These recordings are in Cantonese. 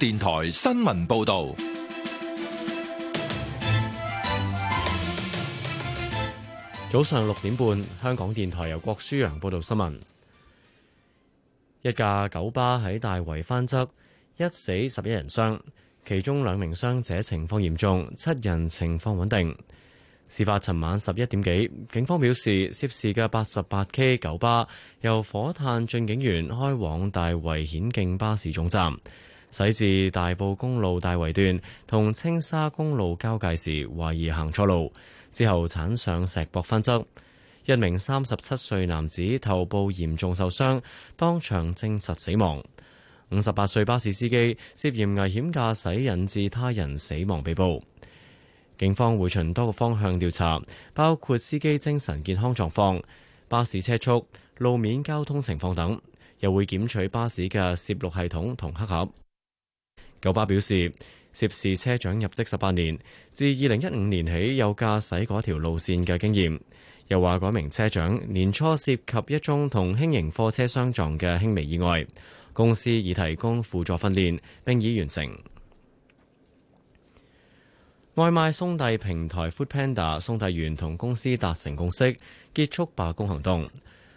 電台新聞報道，早上六點半，香港電台由郭舒陽報道新聞。一架九巴喺大圍翻側，一死十一人傷，其中兩名傷者情況嚴重，七人情況穩定。事發尋晚十一點幾，警方表示涉事嘅八十八 K 九巴由火炭駿景園開往大圍顯徑巴士總站。駛至大埔公路大圍段同青沙公路交界時，懷疑行錯路之後鏟上石壆翻側，一名三十七歲男子頭部嚴重受傷，當場證實死亡。五十八歲巴士司機涉嫌危險駕駛引致他人死亡被捕，警方會循多個方向調查，包括司機精神健康狀況、巴士車速、路面交通情況等，又會檢取巴士嘅攝錄系統同黑盒。九巴表示，涉事車長入職十八年，自二零一五年起有駕駛嗰條路線嘅經驗。又話，嗰名車長年初涉及一宗同輕型貨車相撞嘅輕微意外，公司已提供輔助訓練，並已完成。外賣送遞平台 Foodpanda 送遞員同公司達成共識，結束罷工行動。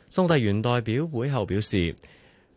送遞員代表會後表示。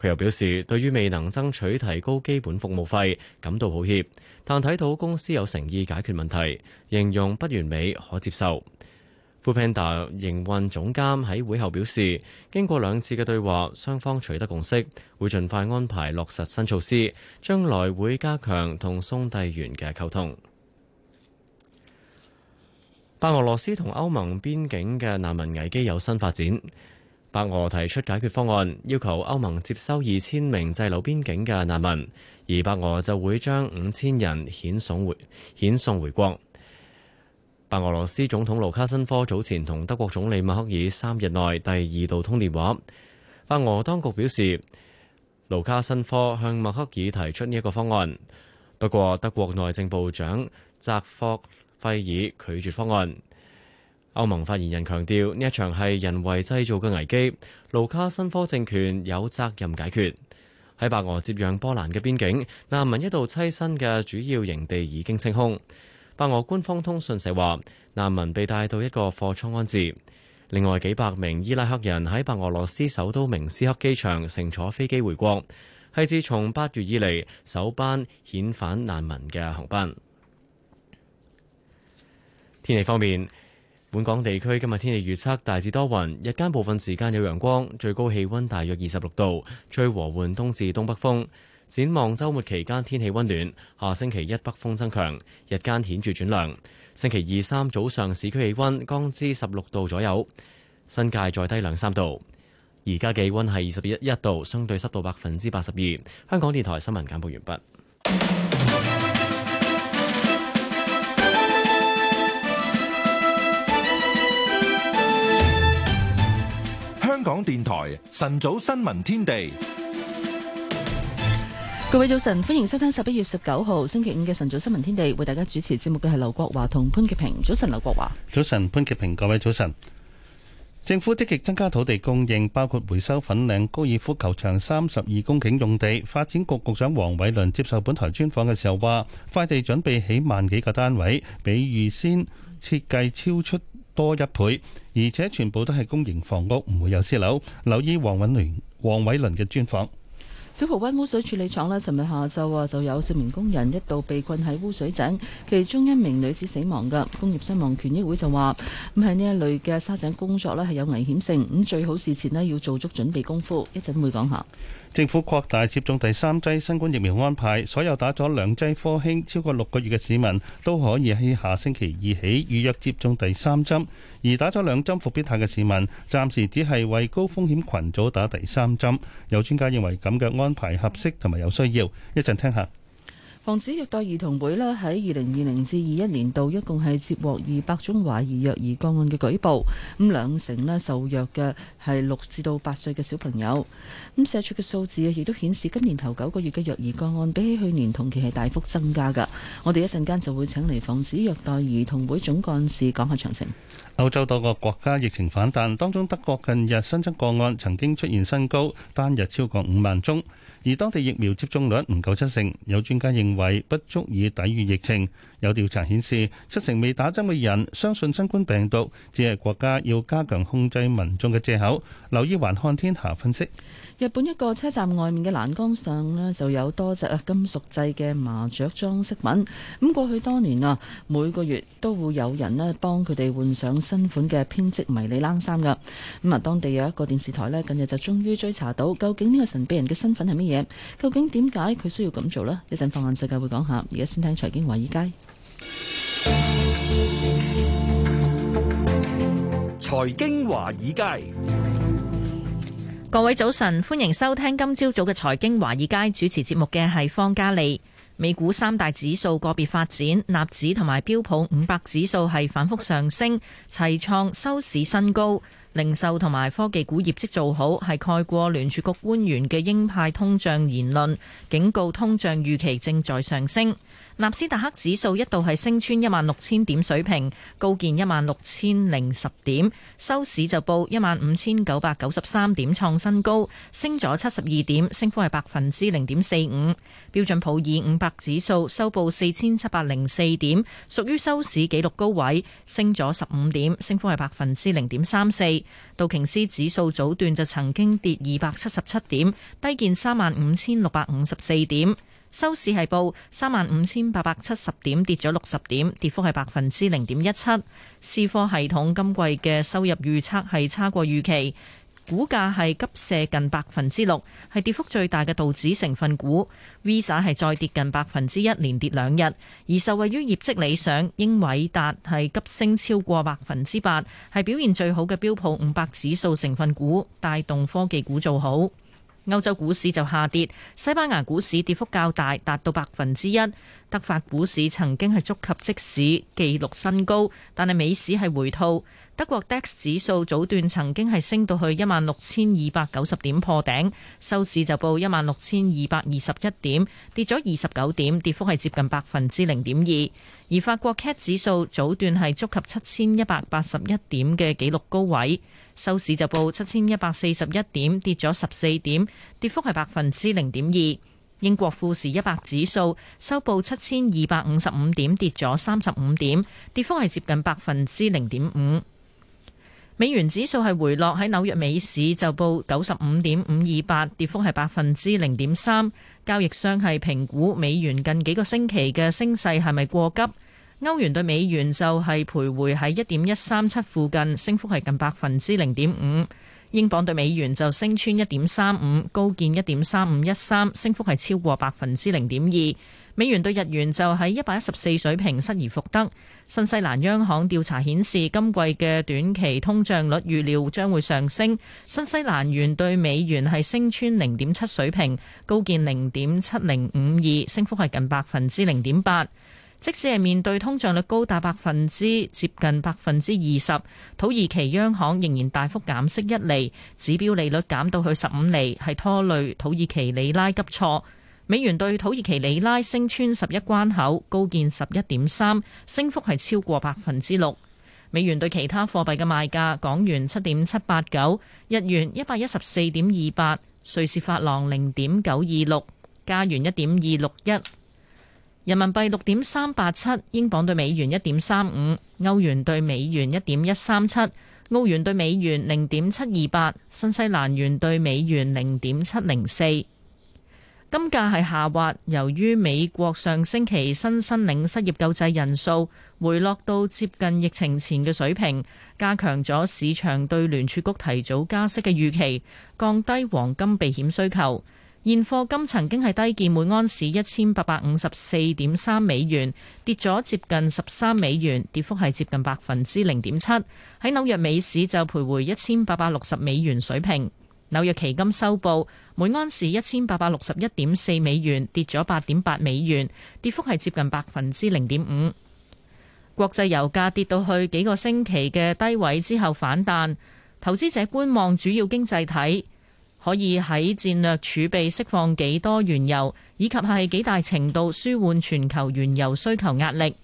佢又表示，對於未能爭取提高基本服務費感到抱歉，但睇到公司有誠意解決問題，形容不完美可接受。Foodpanda 營運總監喺會後表示，經過兩次嘅對話，雙方取得共識，會盡快安排落實新措施，將來會加強同送遞員嘅溝通。白俄羅斯同歐盟邊境嘅難民危機有新發展。白俄提出解決方案，要求歐盟接收二千名滯留邊境嘅難民，而白俄就會將五千人遣送回遣送回國。白俄羅斯總統盧卡申科早前同德國總理默克爾三日內第二度通電話，白俄當局表示，盧卡申科向默克爾提出呢一個方案，不過德國內政部長澤霍費爾拒絕方案。歐盟發言人強調，呢一場係人為製造嘅危機，盧卡申科政權有責任解決。喺白俄接壤波蘭嘅邊境，難民一度棲身嘅主要營地已經清空。白俄官方通訊社話，難民被帶到一個貨倉安置。另外幾百名伊拉克人喺白俄羅斯首都明斯克機場乘坐飛機回國，係自從八月以嚟首班遣返難民嘅航班。天氣方面。本港地區今日天氣預測，大致多雲，日間部分時間有陽光，最高氣溫大約二十六度，吹和緩東至東北風。展望周末期間天氣溫暖，下星期一北風增強，日間顯著轉涼。星期二三早上市區氣溫降至十六度左右，新界再低兩三度。而家氣溫係二十一一度，相對濕度百分之八十二。香港電台新聞簡報完畢。港電台晨早新聞天地，各位早晨，歡迎收聽十一月十九號星期五嘅晨早新聞天地，為大家主持節目嘅係劉國華同潘潔平。早晨，劉國華。早晨，潘潔平。各位早晨。政府積極增加土地供應，包括回收粉嶺高爾夫球場三十二公頃用地。發展局局長黃偉綸接受本台專訪嘅時候話，快地準備起萬幾個單位，比預先設計超出。多一倍，而且全部都係公營房屋，唔會有私樓。留意黃韻麟、黃偉倫嘅專訪。小蒲灣污水處理廠咧，尋日下晝啊，就有四名工人一度被困喺污水井，其中一名女子死亡㗎。工業傷亡權益會就話：咁喺呢一類嘅沙井工作咧，係有危險性，咁最好事前咧要做足準備功夫。講一陣會講下。政府擴大接種第三劑新冠疫苗安排，所有打咗兩劑科興超過六個月嘅市民都可以喺下星期二起預約接種第三針，而打咗兩針復必泰嘅市民暫時只係為高風險群組打第三針。有專家認為咁嘅安排合適同埋有需要，一陣聽下。防止虐待兒童會咧，喺二零二零至二一年度一共係接獲二百宗懷疑虐兒個案嘅舉報，咁兩成咧，受虐嘅係六至到八歲嘅小朋友，咁社署嘅數字亦都顯示今年頭九個月嘅虐兒個案比起去年同期係大幅增加㗎，我哋一陣間就會請嚟防止虐待兒童會總幹事講下詳情。歐洲多個國家疫情反彈，當中德國近日新增個案曾經出現新高，單日超過五萬宗，而當地疫苗接種率唔夠七成，有專家認為不足以抵禦疫情。有調查顯示，七成未打針嘅人相信新冠病毒，只係國家要加強控制民眾嘅借口。留意環看天下分析，日本一個車站外面嘅欄杆上呢，就有多隻啊金屬製嘅麻雀裝飾物。咁過去多年啊每個月都會有人呢幫佢哋換上。新款嘅編織迷你冷衫㗎，咁、嗯、啊，當地有一個電視台呢，近日就終於追查到究竟呢個神秘人嘅身份係乜嘢？究竟點解佢需要咁做呢？一陣放眼世界會講下，而家先聽財經華爾街。財經華爾街，各位早晨，歡迎收聽今朝早嘅財經華爾街。主持節目嘅係方嘉莉。美股三大指數個別發展，納指同埋標普五百指數係反覆上升，齊創收市新高。零售同埋科技股業績做好，係蓋過聯儲局官員嘅鷹派通脹言論，警告通脹預期正在上升。納斯達克指數一度係升穿一萬六千點水平，高見一萬六千零十點，收市就報一萬五千九百九十三點，創新高，升咗七十二點，升幅係百分之零點四五。標準普爾五百指數收報四千七百零四點，屬於收市紀錄高位，升咗十五點，升幅係百分之零點三四。道瓊斯指數早段就曾經跌二百七十七點，低見三萬五千六百五十四點。收市係報三萬五千八百七十點，跌咗六十點，跌幅係百分之零點一七。思科系統今季嘅收入預測係差過預期，股價係急瀉近百分之六，係跌幅最大嘅道指成分股。Visa 係再跌近百分之一，連跌兩日。而受惠於業績理想，英偉達係急升超過百分之八，係表現最好嘅標普五百指數成分股，帶動科技股做好。歐洲股市就下跌，西班牙股市跌幅較大，達到百分之一。德法股市曾經係觸及即市紀錄新高，但係尾市係回吐。德國 DAX 指數早段曾經係升到去一萬六千二百九十點破頂，收市就報一萬六千二百二十一點，跌咗二十九點，跌幅係接近百分之零點二。而法國 CAC 指數早段係觸及七千一百八十一點嘅紀錄高位，收市就報七千一百四十一點，跌咗十四點，跌幅係百分之零點二。英國富時一百指數收報七千二百五十五點，跌咗三十五點，跌幅係接近百分之零點五。美元指數係回落，喺紐約美市就報九十五點五二八，跌幅係百分之零點三。交易商係評估美元近幾個星期嘅升勢係咪過急。歐元對美元就係徘徊喺一點一三七附近，升幅係近百分之零點五。英鎊對美元就升穿一點三五，高見一點三五一三，升幅係超過百分之零點二。美元兌日元就喺一百一十四水平失而復得。新西蘭央行調查顯示，今季嘅短期通脹率預料將會上升。新西蘭元兌美元係升穿零點七水平，高見零點七零五二，升幅係近百分之零點八。即使係面對通脹率高達百分之接近百分之二十，土耳其央行仍然大幅減息一厘，指標利率減到去十五厘，係拖累土耳其里拉急挫。美元對土耳其里拉升穿十一關口，高見十一點三，升幅係超過百分之六。美元對其他貨幣嘅賣價：港元七點七八九，日元一百一十四點二八，瑞士法郎零點九二六，加元一點二六一，人民幣六點三八七，英鎊對美元一點三五，歐元對美元一點一三七，澳元對美元零點七二八，新西蘭元對美元零點七零四。金價係下滑，由於美國上星期新申領失業救濟人數回落到接近疫情前嘅水平，加強咗市場對聯儲局提早加息嘅預期，降低黃金避險需求。現貨金曾經係低見每盎司一千八百五十四點三美元，跌咗接近十三美元，跌幅係接近百分之零點七。喺紐約美市就徘徊一千八百六十美元水平。紐約期金收報每安士一千八百六十一點四美元，跌咗八點八美元，跌幅係接近百分之零點五。國際油價跌到去幾個星期嘅低位之後反彈，投資者觀望主要經濟體可以喺戰略儲備釋放幾多原油，以及係幾大程度舒緩全球原油需求壓力。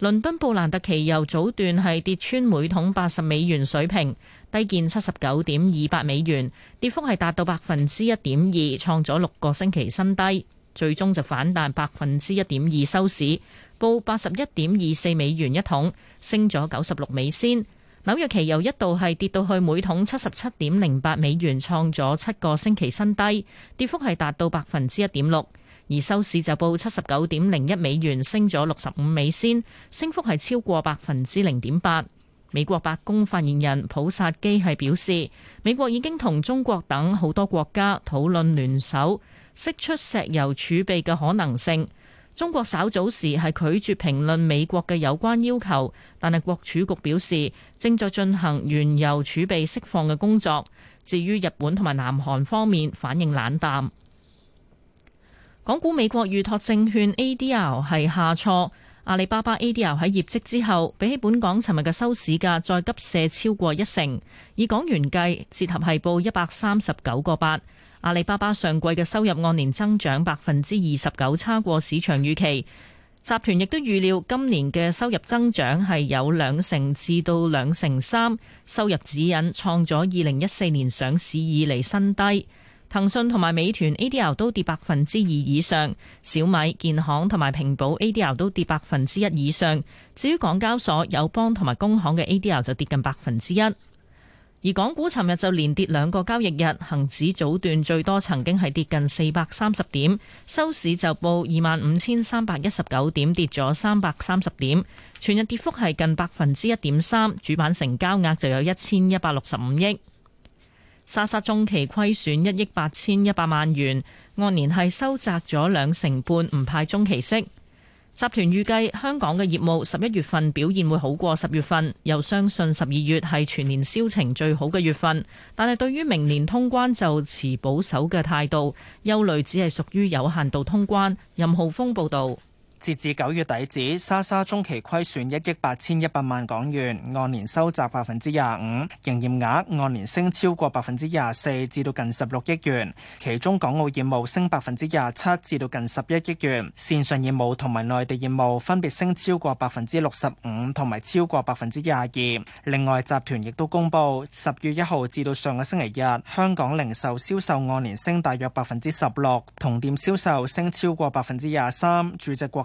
倫敦布蘭特期油早段係跌穿每桶八十美元水平。低見七十九點二八美元，跌幅係達到百分之一點二，創咗六個星期新低。最終就反彈百分之一點二收市，報八十一點二四美元一桶，升咗九十六美仙。紐約期油一度係跌到去每桶七十七點零八美元，創咗七個星期新低，跌幅係達到百分之一點六。而收市就報七十九點零一美元，升咗六十五美仙，升幅係超過百分之零點八。美國白宮發言人普薩基係表示，美國已經同中國等好多國家討論聯手釋出石油儲備嘅可能性。中國稍早時係拒絕評論美國嘅有關要求，但係國儲局表示正在進行原油儲備釋放嘅工作。至於日本同埋南韓方面，反應冷淡。港股美國預託證券 ADR 係下挫。阿里巴巴 ADR 喺業績之後，比起本港尋日嘅收市價再急瀉超過一成，以港元計，折合係報一百三十九個八。阿里巴巴上季嘅收入按年增長百分之二十九，差過市場預期。集團亦都預料今年嘅收入增長係有兩成至到兩成三，收入指引創咗二零一四年上市以嚟新低。騰訊同埋美團 ADR 都跌百分之二以上，小米、建行同埋平保 ADR 都跌百分之一以上。至於港交所、友邦同埋工行嘅 ADR 就跌近百分之一。而港股尋日就連跌兩個交易日，恒指早段最多曾經係跌近四百三十點，收市就報二萬五千三百一十九點，跌咗三百三十點，全日跌幅係近百分之一點三。主板成交額就有一千一百六十五億。莎莎中期虧損一億八千一百萬元，按年係收窄咗兩成半，唔派中期息。集團預計香港嘅業務十一月份表現會好過十月份，又相信十二月係全年銷情最好嘅月份。但係對於明年通關就持保守嘅態度，憂慮只係屬於有限度通關。任浩峰報道。截至九月底止，莎莎中期虧損一億八千一百萬港元，按年收窄百分之廿五，營業額按年升超過百分之廿四，至到近十六億元。其中港澳業務升百分之廿七，至到近十一億元；線上業務同埋內地業務分別升超過百分之六十五同埋超過百分之廿二。另外，集團亦都公布，十月一號至到上個星期日，香港零售銷售，銷售按年升大約百分之十六，同店銷售升超過百分之廿三，主席國。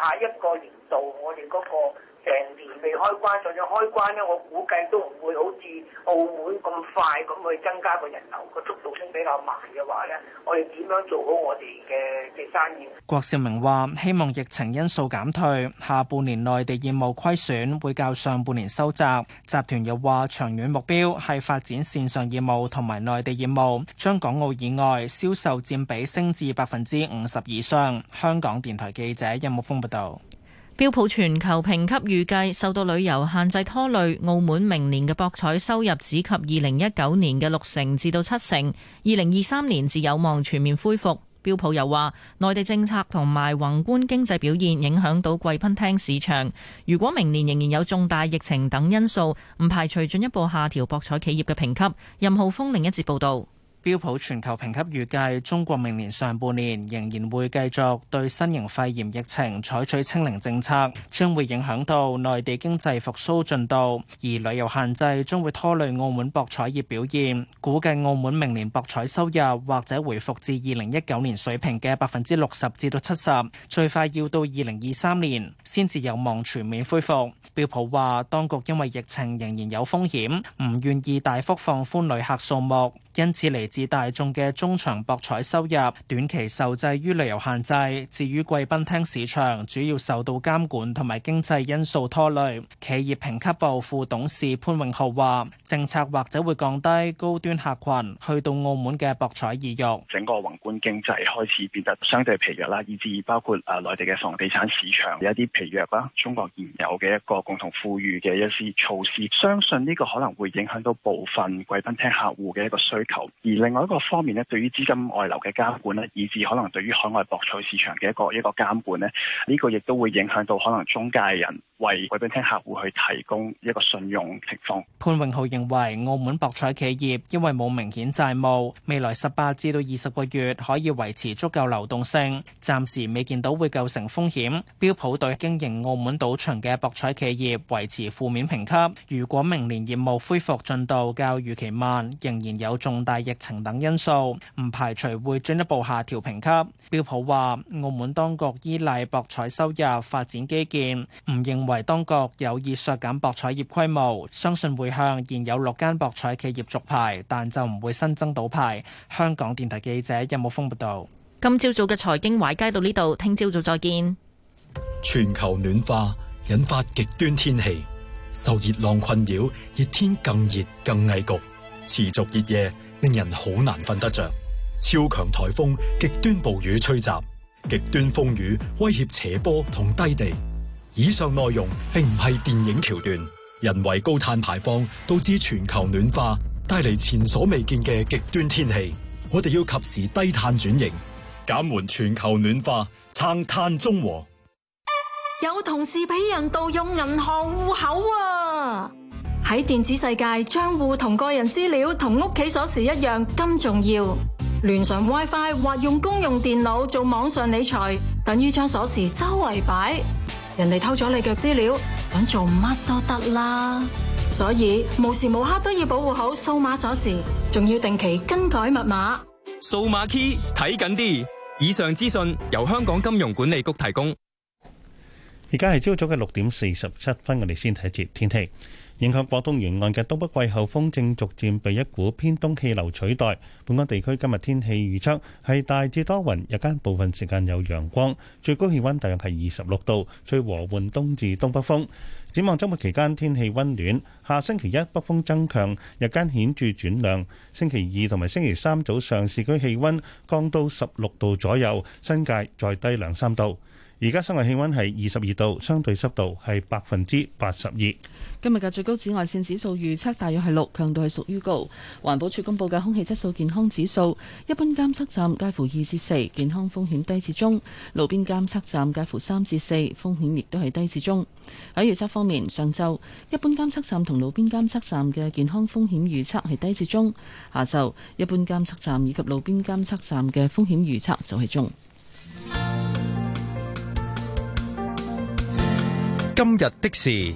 下一個年度，我哋嗰個。成年未開關，仲要開關咧，我估計都唔會好似澳門咁快咁去增加個人流個速度，先比較慢嘅話，呢我哋點樣做好我哋嘅嘅生意？郭少明話：希望疫情因素減退，下半年內地業務虧損會較上半年收窄。集團又話，長遠目標係發展線上業務同埋內地業務，將港澳以外銷售佔比升至百分之五十以上。香港電台記者任木峯報道。標普全球評級預計，受到旅遊限制拖累，澳門明年嘅博彩收入只及二零一九年嘅六成至到七成，二零二三年至有望全面恢復。標普又話，內地政策同埋宏觀經濟表現影響到貴賓廳市場，如果明年仍然有重大疫情等因素，唔排除進一步下調博彩企業嘅評級。任浩峰另一節報道。標普全球評級預計，中國明年上半年仍然會繼續對新型肺炎疫情採取清零政策，將會影響到內地經濟復甦進度。而旅遊限制將會拖累澳門博彩業表現，估計澳門明年博彩收入或者回復至二零一九年水平嘅百分之六十至到七十，最快要到二零二三年先至有望全面恢復。標普話，當局因為疫情仍然有風險，唔願意大幅放寬旅客數目。因此嚟自大眾嘅中場博彩收入短期受制於旅遊限制。至於貴賓廳市場主要受到監管同埋經濟因素拖累。企業評級部副董事潘永浩話，政策或者會降低高端客群去到澳門嘅博彩意欲。整個宏觀經濟開始變得相對疲弱啦，以致包括啊內地嘅房地產市場有一啲疲弱啦。中國現有嘅一個共同富裕嘅一啲措施，相信呢個可能會影響到部分貴賓廳客戶嘅一個需。而另外一個方面咧，對於資金外流嘅監管咧，以至可能對於海外博彩市場嘅一個一個監管咧，呢個亦都會影響到可能中介人。為貴賓廳客戶去提供一個信用情況。潘榮浩認為澳門博彩企業因為冇明顯債務，未來十八至到二十個月可以維持足夠流動性，暫時未見到會構成風險。標普對經營澳門賭場嘅博彩企業維持負面評級，如果明年業務恢復進度較預期慢，仍然有重大疫情等因素，唔排除會進一步下調評級。標普話，澳門當局依賴博彩收入發展基建，唔認。為當局有意削減博彩業規模，相信會向現有六間博彩企業續牌，但就唔會新增賭牌。香港電台記者任木峰報道。今朝早嘅財經快街到呢度，聽朝早再見。全球暖化引發極端天氣，受熱浪困擾，熱天更熱更危局，持續熱夜令人好難瞓得着。超強台風、極端暴雨吹襲，極端風雨威脅斜坡同低地。以上內容並唔係電影橋段。人為高碳排放導致全球暖化，帶嚟前所未見嘅極端天氣。我哋要及時低碳轉型，減緩全球暖化，撐碳中和。有同事俾人盜用銀行戶口啊！喺電子世界，賬戶同個人資料同屋企鎖匙一樣咁重要。連上 WiFi 或用公用電腦做網上理財，等於將鎖匙周圍擺。人哋偷咗你嘅資料，搵做乜都得啦。所以無時無刻都要保護好數碼鎖匙，仲要定期更改密碼。數碼 key 睇緊啲。以上資訊由香港金融管理局提供。而家係朝早嘅六點四十七分，我哋先睇一節天氣。影響廣東沿岸嘅東北季候風正逐漸被一股偏東氣流取代。本港地區今日天氣預測係大致多雲，日間部分時間有陽光，最高氣溫大約係二十六度，吹和緩東至東北風。展望週末期間天氣溫暖，下星期一北風增強，日間顯著轉涼。星期二同埋星期三早上市區氣溫降到十六度左右，新界再低兩三度。而家室外氣溫係二十二度，相對濕度係百分之八十二。今日嘅最高紫外線指數預測大約係六，強度係屬於高。環保署公布嘅空氣質素健康指數，一般監測站介乎二至四，健康風險低至中；路邊監測站介乎三至四，風險亦都係低至中。喺預測方面，上晝一般監測站同路邊監測站嘅健康風險預測係低至中；下晝一般監測站以及路邊監測站嘅風險預測就係中。今日的事。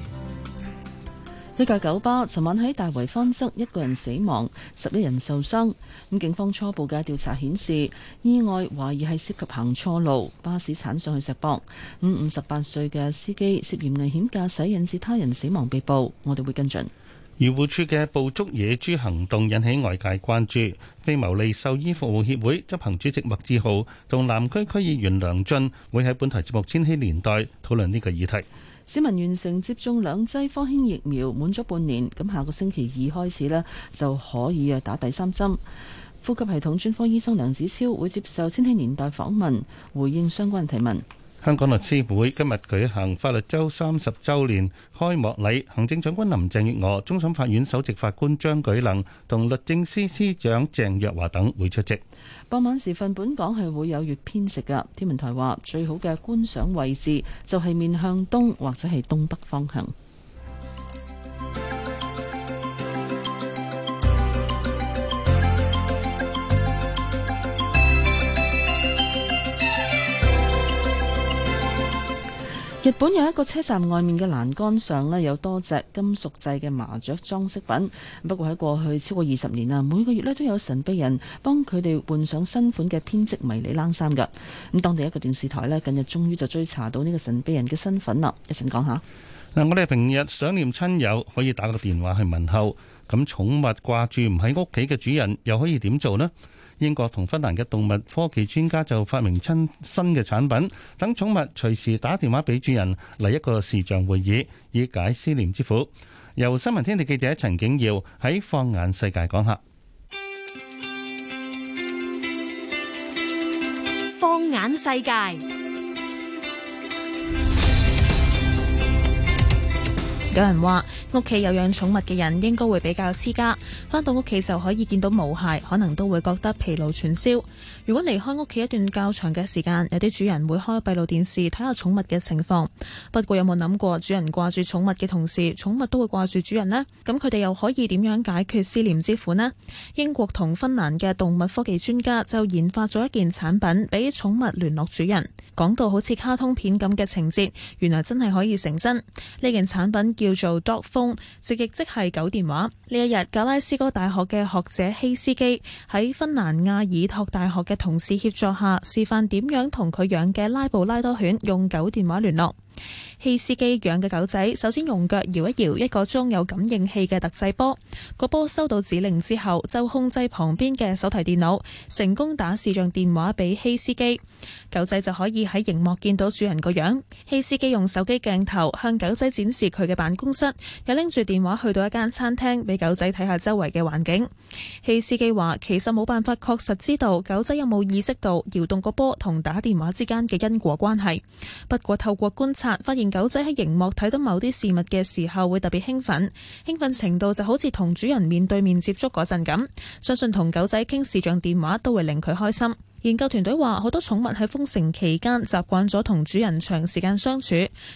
呢架九巴昨晚喺大圍翻側，一個人死亡，十一人受傷。咁警方初步嘅調查顯示，意外懷疑係涉及行錯路，巴士鏟上去石博。五五十八歲嘅司機涉嫌危險駕駕駛，引致他人死亡被捕。我哋會跟進。漁護署嘅捕捉野豬行動引起外界關注。非牟利獸醫服務協會執行主席麥志豪同南區區議員梁俊會喺本台節目《千禧年代》討論呢個議題。市民完成接種兩劑科興疫苗，滿咗半年，咁下個星期二開始咧，就可以啊打第三針。呼吸系統專科醫生梁子超會接受千禧年代訪問，回應相關提問。香港律師會今日舉行法律週三十週年開幕禮，行政長官林鄭月娥、終審法院首席法官張舉能同律政司司長鄭若驊等會出席。傍晚時分，本港係會有月偏食㗎。天文台話，最好嘅觀賞位置就係面向東或者係東北方向。日本有一個車站外面嘅欄杆上呢，有多隻金屬製嘅麻雀裝飾品。不過喺過去超過二十年啦，每個月呢都有神秘人幫佢哋換上新款嘅編織迷你冷衫㗎。咁當地一個電視台呢，近日終於就追查到呢個神秘人嘅身份啦。一陣講下。嗱，我哋平日想念親友可以打個電話去問候，咁寵物掛住唔喺屋企嘅主人又可以點做呢？英國同芬蘭嘅動物科技專家就發明新新嘅產品，等寵物隨時打電話俾主人，嚟一個視像會議，以解思念之苦。由新聞天地記者陳景耀喺《放眼世界》講下《放眼世界》。有人話屋企有養寵物嘅人應該會比較黐家，返到屋企就可以見到毛孩，可能都會覺得疲勞全消。如果離開屋企一段較長嘅時間，有啲主人會開閉路電視睇下寵物嘅情況。不過有冇諗過主人掛住寵物嘅同時，寵物都會掛住主人呢？咁佢哋又可以點樣解決思念之苦呢？英國同芬蘭嘅動物科技專家就研發咗一件產品，俾寵物聯絡主人。講到好似卡通片咁嘅情節，原來真係可以成真。呢件產品叫做 Dogphone，直譯即係狗電話。呢一日，格拉斯哥大學嘅學者希斯基喺芬蘭亞爾托大學嘅同事協助下，示範點樣同佢養嘅拉布拉多犬用狗電話聯絡。希司機養嘅狗仔首先用腳搖一搖一個裝有感應器嘅特製波，那個波收到指令之後就控制旁邊嘅手提電腦，成功打視像電話俾希司機。狗仔就可以喺熒幕見到主人個樣。希司機用手機鏡頭向狗仔展示佢嘅辦公室，又拎住電話去到一間餐廳俾狗仔睇下周圍嘅環境。希司機話：其實冇辦法確實知道狗仔有冇意識到搖動個波同打電話之間嘅因果關係。不過透過觀察。發現狗仔喺熒幕睇到某啲事物嘅時候，會特別興奮，興奮程度就好似同主人面對面接觸陣咁。相信同狗仔傾視像電話都會令佢開心。研究團隊話：好多寵物喺封城期間習慣咗同主人長時間相處，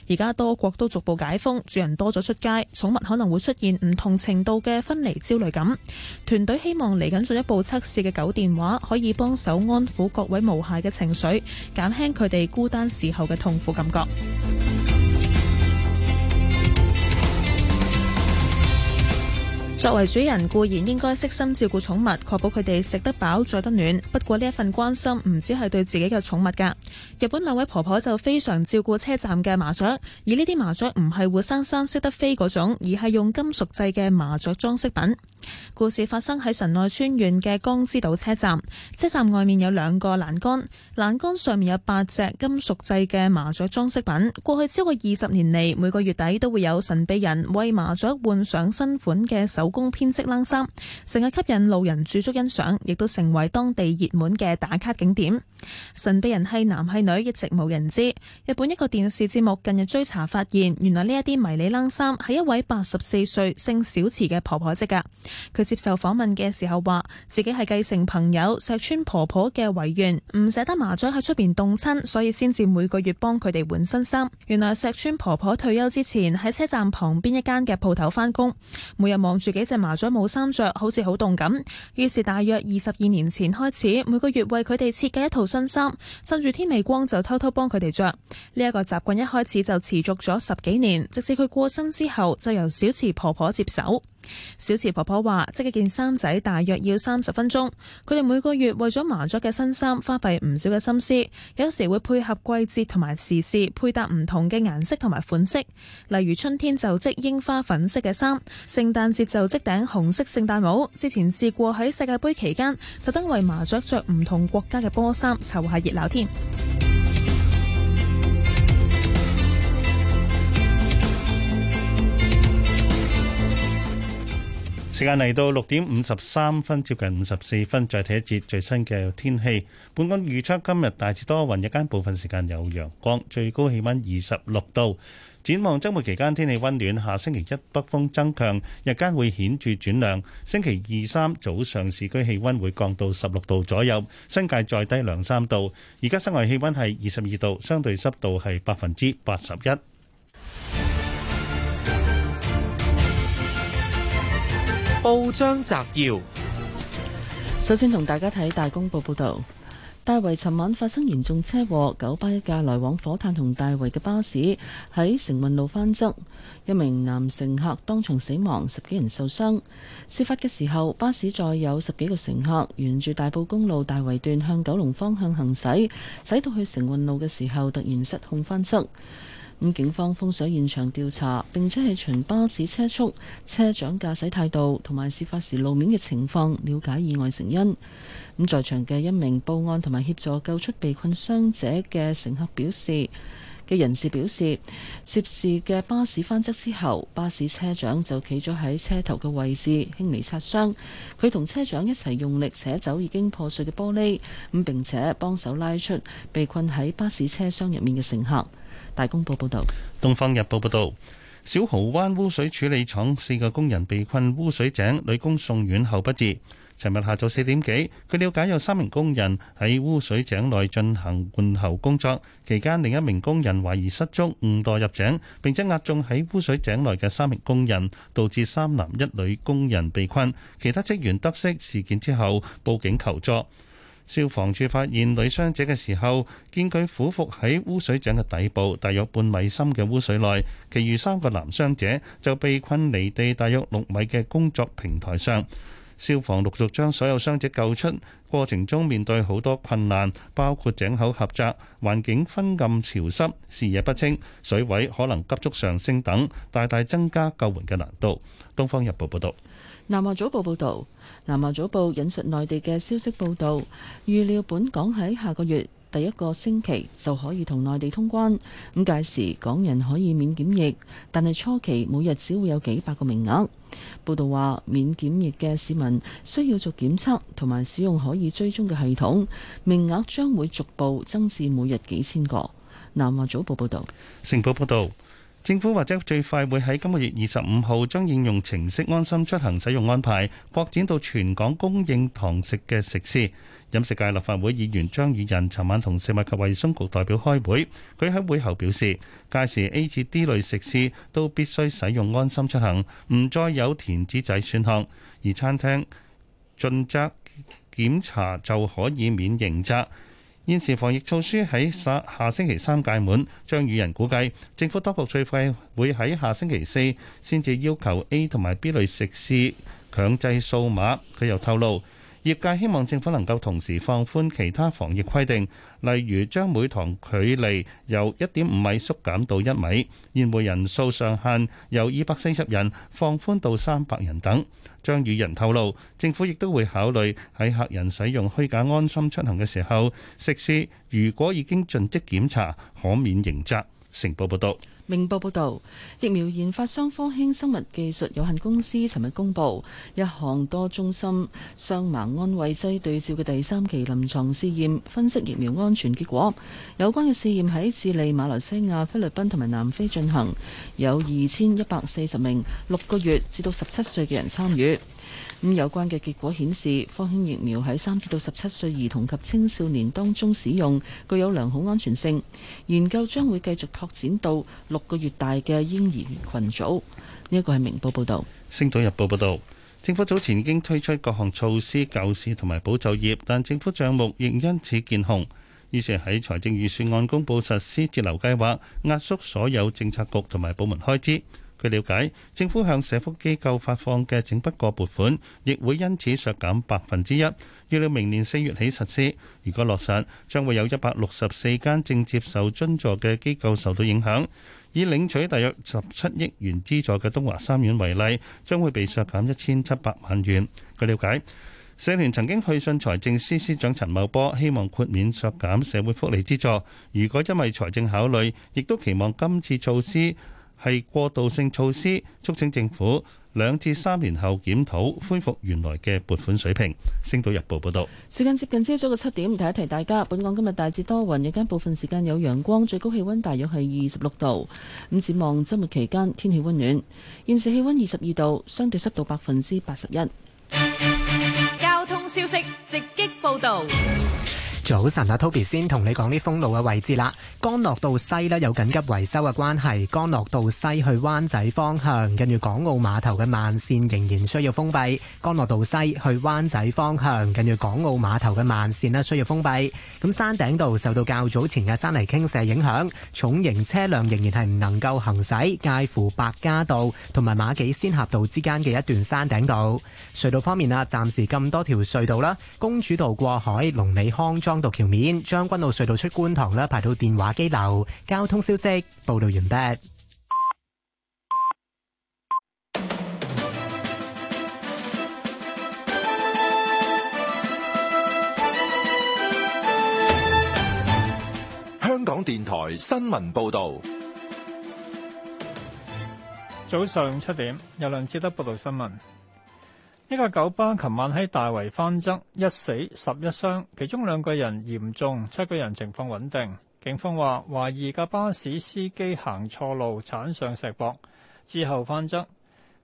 而家多國都逐步解封，主人多咗出街，寵物可能會出現唔同程度嘅分離焦慮感。團隊希望嚟緊進一步測試嘅狗電話可以幫手安撫各位毛孩嘅情緒，減輕佢哋孤單時候嘅痛苦感覺。作為主人固然應該悉心照顧寵物，確保佢哋食得飽着得暖。不過呢一份關心唔止係對自己嘅寵物噶。日本兩位婆婆就非常照顧車站嘅麻雀，而呢啲麻雀唔係活生生識得飛嗰種，而係用金屬製嘅麻雀裝飾品。故事發生喺神奈川縣嘅江之島車站，車站外面有兩個欄杆，欄杆上面有八隻金屬製嘅麻雀裝飾品。過去超過二十年嚟，每個月底都會有神秘人為麻雀換上新款嘅手工編織冷衫，成日吸引路人駐足欣賞，亦都成為當地熱門嘅打卡景點。神秘人係男係女，一直冇人知。日本一個電視節目近日追查發現，原來呢一啲迷你冷衫係一位八十四歲姓小池嘅婆婆織噶。佢接受訪問嘅時候話：自己係繼承朋友石川婆婆嘅遺願，唔捨得麻雀喺出邊凍親，所以先至每個月幫佢哋換新衫。原來石川婆婆退休之前喺車站旁邊一間嘅鋪頭返工，每日望住幾隻麻雀冇衫着，好似好凍咁。於是大約二十二年前開始，每個月為佢哋設計一套新衫，趁住天未光就偷偷幫佢哋着。呢一個習慣一開始就持續咗十幾年，直至佢過身之後，就由小池婆婆接手。小慈婆婆話，織一件衫仔大約要三十分鐘。佢哋每個月為咗麻雀嘅新衫花費唔少嘅心思，有時會配合季節同埋時事配搭唔同嘅顏色同埋款式，例如春天就織櫻花粉色嘅衫，聖誕節就織頂紅色聖誕帽。之前試過喺世界杯期間特登為麻雀着唔同國家嘅波衫，湊下熱鬧添。時間嚟到六點五十三分，接近五十四分，再睇一節最新嘅天氣。本港預測今日大致多雲，日間部分時間有陽光，最高氣溫二十六度。展望周末期間，天氣溫暖，下星期一北風增強，日間會顯著轉涼。星期二、三早上市區氣溫會降到十六度左右，新界再低兩三度。而家室外氣溫係二十二度，相對濕度係百分之八十一。報章摘要：首先同大家睇大公報報道，大圍尋晚發生嚴重車禍，九巴一架來往火炭同大圍嘅巴士喺成運路翻側，一名男乘客當場死亡，十幾人受傷。事發嘅時候，巴士載有十幾個乘客，沿住大埔公路大圍段向九龍方向行駛，駛到去成運路嘅時候突然失控翻側。咁警方封鎖現場調查，並且係循巴士車速、車長駕駛態度同埋事發時路面嘅情況了解意外成因。咁在場嘅一名報案同埋協助救出被困傷者嘅乘客表示嘅人士表示，涉事嘅巴士翻側之後，巴士車長就企咗喺車頭嘅位置輕微擦傷。佢同車長一齊用力扯走已經破碎嘅玻璃，咁並且幫手拉出被困喺巴士車廂入面嘅乘客。大公報報道，東方日報報道，小蠔灣污水處理廠四個工人被困污水井，女工送院後不治。尋日下晝四點幾，佢了解有三名工人喺污水井內進行換喉工作，期間另一名工人懷疑失足誤墮入井，並且壓中喺污水井內嘅三名工人，導致三男一女工人被困。其他職員得悉事件之後，報警求助。消防處發現女傷者嘅時候，見佢俯伏喺污水井嘅底部，大約半米深嘅污水內。其餘三個男傷者就被困離地大約六米嘅工作平台上。消防陸續將所有傷者救出，過程中面對好多困難，包括井口狹窄、環境昏暗潮濕、視野不清、水位可能急速上升等，大大增加救援嘅難度。《東方日報》報道。《南華早報》報道，《南華早報》引述內地嘅消息報道，預料本港喺下個月第一個星期就可以同內地通關。咁屆時港人可以免檢疫，但係初期每日只會有幾百個名額。報道話，免檢疫嘅市民需要做檢測同埋使用可以追蹤嘅系統，名額將會逐步增至每日幾千個。《南華早報》報道。《成報》報道。政府或者最快會喺今個月二十五號將應用程式安心出行使用安排擴展到全港供應堂食嘅食肆。飲食界立法會議員張宇人尋晚同食物及衛生局代表開會，佢喺會後表示，屆時 A 至 D 類食肆都必須使用安心出行，唔再有填紙仔選項，而餐廳盡責檢查就可以免刑責。現時防疫措施喺下星期三屆滿，張宇人估計政府當局最快會喺下星期四先至要求 A 同埋 B 類食肆強制掃碼。佢又透露。業界希望政府能夠同時放寬其他防疫規定，例如將每堂距離由一點五米縮減到一米，現會人數上限由二百四十人放寬到三百人等。張宇人透露，政府亦都會考慮喺客人使用虛假安心出行嘅時候，食肆如果已經盡職檢查，可免刑責。成報報道，明報報道，疫苗研發商科興生物技術有限公司尋日公布一項多中心雙盲安慰劑對照嘅第三期臨床試驗分析疫苗安全結果。有關嘅試驗喺智利、馬來西亞、菲律賓同埋南非進行，有二千一百四十名六個月至到十七歲嘅人參與。咁有關嘅結果顯示，科興疫苗喺三至到十七歲兒童及青少年當中使用具有良好安全性。研究將會繼續拓展到六個月大嘅嬰兒群組。呢一個係明報報道。《星島日報》報道，政府早前已經推出各項措施救市同埋保就業，但政府帳目亦因此見紅，於是喺財政預算案公布實施節流計劃，壓縮所有政策局同埋部門開支。據了解，政府向社福機構發放嘅整不過撥款，亦會因此削減百分之一。預料明年四月起實施，如果落實，將會有一百六十四間正接受津助嘅機構受到影響。以領取大約十七億元資助嘅東華三院為例，將會被削減一千七百萬元。據了解，社聯曾經去信財政司司長陳茂波，希望豁免削減社會福利資助。如果因為財政考慮，亦都期望今次措施，係過渡性措施，促請政府兩至三年後檢討，恢復原來嘅撥款水平。星島日報報道。時間接近朝早嘅七點，提一提大家。本港今日大致多雲，有間部分時間有陽光，最高氣溫大約係二十六度。咁展望周末期間，天氣溫暖，現時氣溫二十二度，相對濕度百分之八十一。交通消息直擊報道。早晨，阿 Toby 先同你講啲封路嘅位置啦。干諾道西咧有緊急維修嘅關係，干諾道西去灣仔方向，跟住港澳碼頭嘅慢綫仍然需要封閉。干諾道西去灣仔方向，跟住港澳碼頭嘅慢綫咧需要封閉。咁山頂道受到較早前嘅山泥傾瀉影響，重型車輛仍然係唔能夠行駛介乎白加道同埋馬己仙峽道之間嘅一段山頂道。隧道方面啊，暫時咁多條隧道啦，公主道過海、龍尾康莊。江道橋面、將軍澳隧道出觀塘啦，排到電話機樓。交通消息報道完畢。香港電台新聞報道，早上七點，由梁志德報道新聞。一架九巴琴晚喺大圍翻側，一死十一傷，其中兩個人嚴重，七個人情況穩定。警方話懷疑架巴士司機行錯路，鏟上石壆，之後翻側。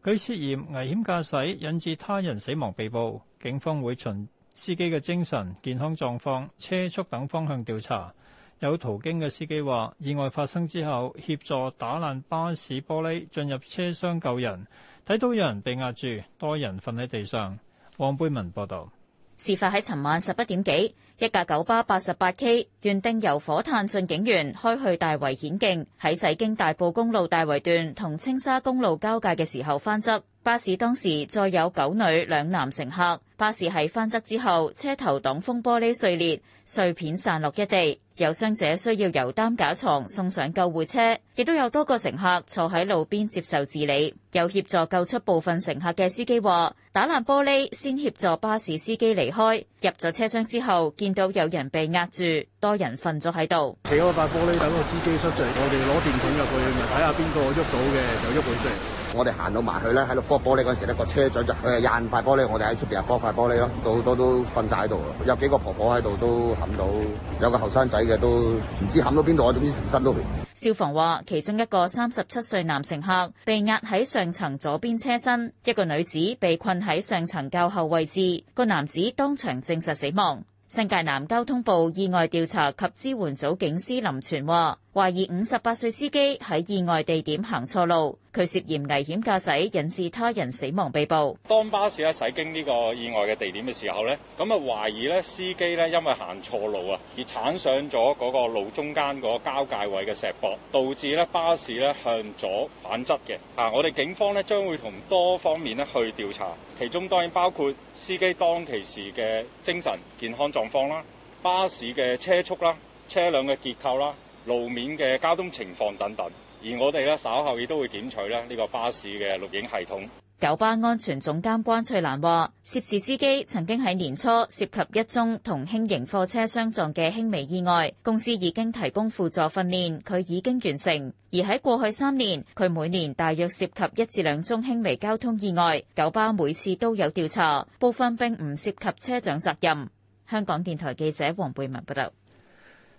佢涉嫌危險駕駛，引致他人死亡被捕。警方會循司機嘅精神健康狀況、車速等方向調查。有途經嘅司機話，意外發生之後協助打爛巴士玻璃，進入車廂救人。睇到有人被壓住，多人瞓喺地上。黃貝文報道，事發喺尋晚十一點幾。一架九巴八十八 K 原定由火炭駿景園開去大圍顯徑，喺駛經大埔公路大圍段同青沙公路交界嘅時候翻側，巴士當時載有九女兩男乘客。巴士係翻側之後，車頭擋風玻璃碎裂，碎片散落一地，有傷者需要由擔架床送上救護車，亦都有多個乘客坐喺路邊接受治理。有協助救出部分乘客嘅司機話。打爛玻璃先協助巴士司機離開。入咗車廂之後，見到有人被壓住，多人瞓咗喺度。企開塊玻璃等個司機出嚟，我哋攞電筒入去，咪睇下邊個喐到嘅就喐佢出嚟。我哋行到埋去咧，喺度割玻璃嗰時咧，個車仔就廿五塊玻璃，我哋喺出邊啊割塊玻璃咯，到多都瞓晒喺度。有幾個婆婆喺度都冚到，有個後生仔嘅都唔知冚到邊度，我總之成身都亂。消防話，其中一個三十七歲男乘客被壓喺上層左邊車身，一個女子被困喺上層較後位置，個男子當場證實死亡。新界南交通部意外調查及支援組警司林傳話。懷疑五十八歲司機喺意外地點行錯路，佢涉嫌危險駕駛，引致他人死亡，被捕。當巴士咧駛經呢個意外嘅地點嘅時候咧，咁啊懷疑咧司機咧因為行錯路啊，而鏟上咗嗰個路中間嗰交界位嘅石駁，導致咧巴士咧向左反側嘅。啊，我哋警方咧將會同多方面咧去調查，其中當然包括司機當其時嘅精神健康狀況啦、巴士嘅車速啦、車輛嘅結構啦。路面嘅交通情況等等，而我哋咧稍後亦都會檢取咧呢個巴士嘅錄影系統。九巴安全總監關翠蘭話，涉事司機曾經喺年初涉及一宗同輕型貨車相撞嘅輕微意外，公司已經提供輔助訓練，佢已經完成。而喺過去三年，佢每年大約涉及一至兩宗輕微交通意外，九巴每次都有調查，部分並唔涉及車長責任。香港電台記者黃貝文報道。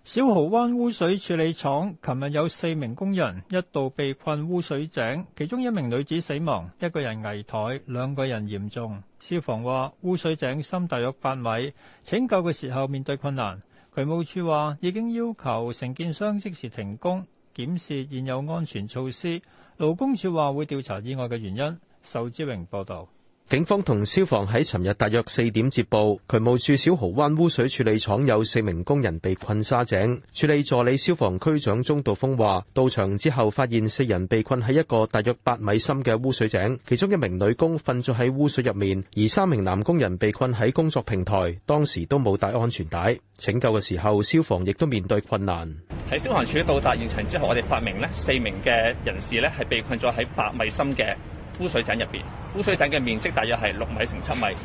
小濠灣污水處理廠琴日，有四名工人一度被困污水井，其中一名女子死亡，一個人危殆，兩個人嚴重。消防話污水井深大約八米，拯救嘅時候面對困難。渠務處話已經要求承建商即時停工，檢視現有安全措施。勞工處話會調查意外嘅原因。仇志榮報道。警方同消防喺尋日大約四點接報，渠務署小蠔灣污水處理廠有四名工人被困沙井。處理助理消防區長鐘道峰話：到場之後發現四人被困喺一個大約八米深嘅污水井，其中一名女工瞓咗喺污水入面，而三名男工人被困喺工作平台，當時都冇帶安全帶。拯救嘅時候，消防亦都面對困難。喺消防處到達現場之後，我哋發明咧，四名嘅人士咧係被困咗喺八米深嘅，污水井入邊，污水井嘅面積大約係六米乘七米，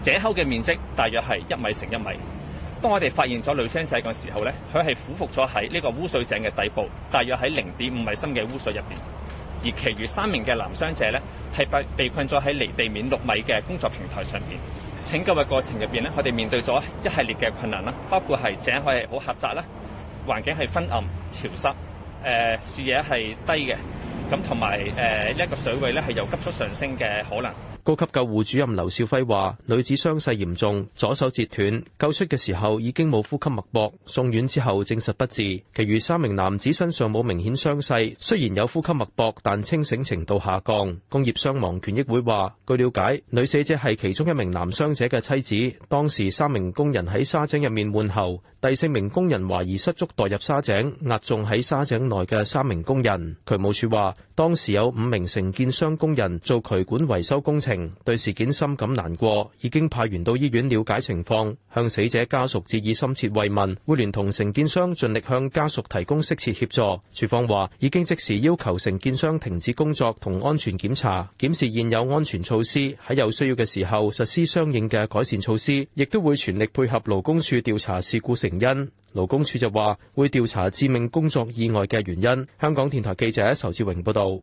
井口嘅面積大約係一米乘一米。當我哋發現咗女傷者嘅時候咧，佢係俯伏咗喺呢個污水井嘅底部，大約喺零點五米深嘅污水入邊。而其餘三名嘅男傷者咧，係被被困咗喺離地面六米嘅工作平台上邊。拯救嘅過程入邊咧，我哋面對咗一系列嘅困難啦，包括係井口係好狹窄啦，環境係昏暗潮濕，誒、呃、視野係低嘅。咁同埋誒呢個水位咧，係有急速上升嘅可能。高級救護主任劉少輝話，女子傷勢嚴重，左手截斷，救出嘅時候已經冇呼吸脈搏，送院之後證實不治。其餘三名男子身上冇明顯傷勢，雖然有呼吸脈搏，但清醒程度下降。工業傷亡權益會話，據了解，女死者係其中一名男傷者嘅妻子，當時三名工人喺沙井入面換喉。第四名工人懷疑失足墮入沙井，壓中喺沙井內嘅三名工人。渠務署話，當時有五名承建商工人做渠管維修工程，對事件深感難過，已經派員到醫院了解情況，向死者家屬致以深切慰問，會聯同承建商盡力向家屬提供適切協助。署方話，已經即時要求承建商停止工作同安全檢查，檢視現有安全措施，喺有需要嘅時候實施相應嘅改善措施，亦都會全力配合勞工處調查事故成原因，勞工處就話會調查致命工作意外嘅原因。香港電台記者仇志榮報導，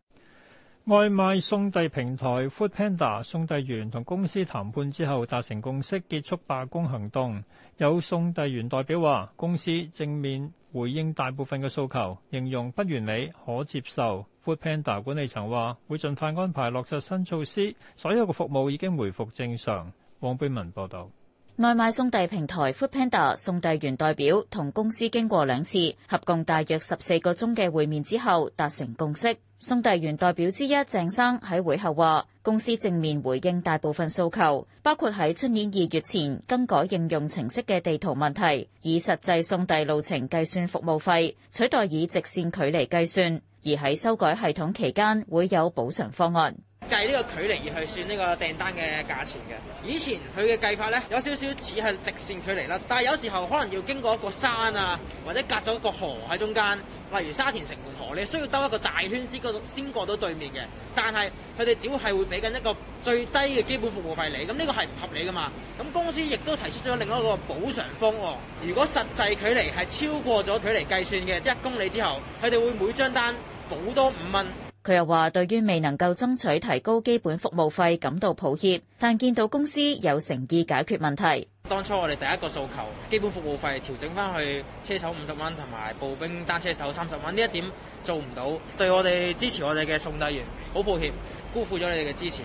外賣送遞平台 Foodpanda 送遞員同公司談判之後達成共識，結束罷工行動。有送遞員代表話，公司正面回應大部分嘅訴求，形容不完美，可接受。Foodpanda 管理層話會盡快安排落實新措施，所有嘅服務已經回復正常。黃貝文報導。外賣送遞平台 Foodpanda 送遞員代表同公司經過兩次合共大約十四個鐘嘅會面之後達成共識。送遞員代表之一鄭生喺會後話：公司正面回應大部分訴求，包括喺出年二月前更改應用程式嘅地圖問題，以實際送遞路程計算服務費，取代以直線距離計算。而喺修改系統期間會有補償方案。計呢個距離而去算呢個訂單嘅價錢嘅。以前佢嘅計法呢，有少少似係直線距離啦，但係有時候可能要經過一個山啊，或者隔咗一個河喺中間。例如沙田城門河，你需要兜一個大圈先過，先過到對面嘅。但係佢哋只係會俾緊一個最低嘅基本服務費你，咁呢個係唔合理噶嘛？咁公司亦都提出咗另外一個補償方案，如果實際距離係超過咗距離計算嘅一公里之後，佢哋會每張單補多五蚊。佢又話：對於未能夠爭取提高基本服務費，感到抱歉，但見到公司有誠意解決問題。當初我哋第一個訴求，基本服務費調整返去車手五十蚊同埋步兵單車手三十蚊，呢一點做唔到，對我哋支持我哋嘅送遞員好抱歉，辜負咗你哋嘅支持。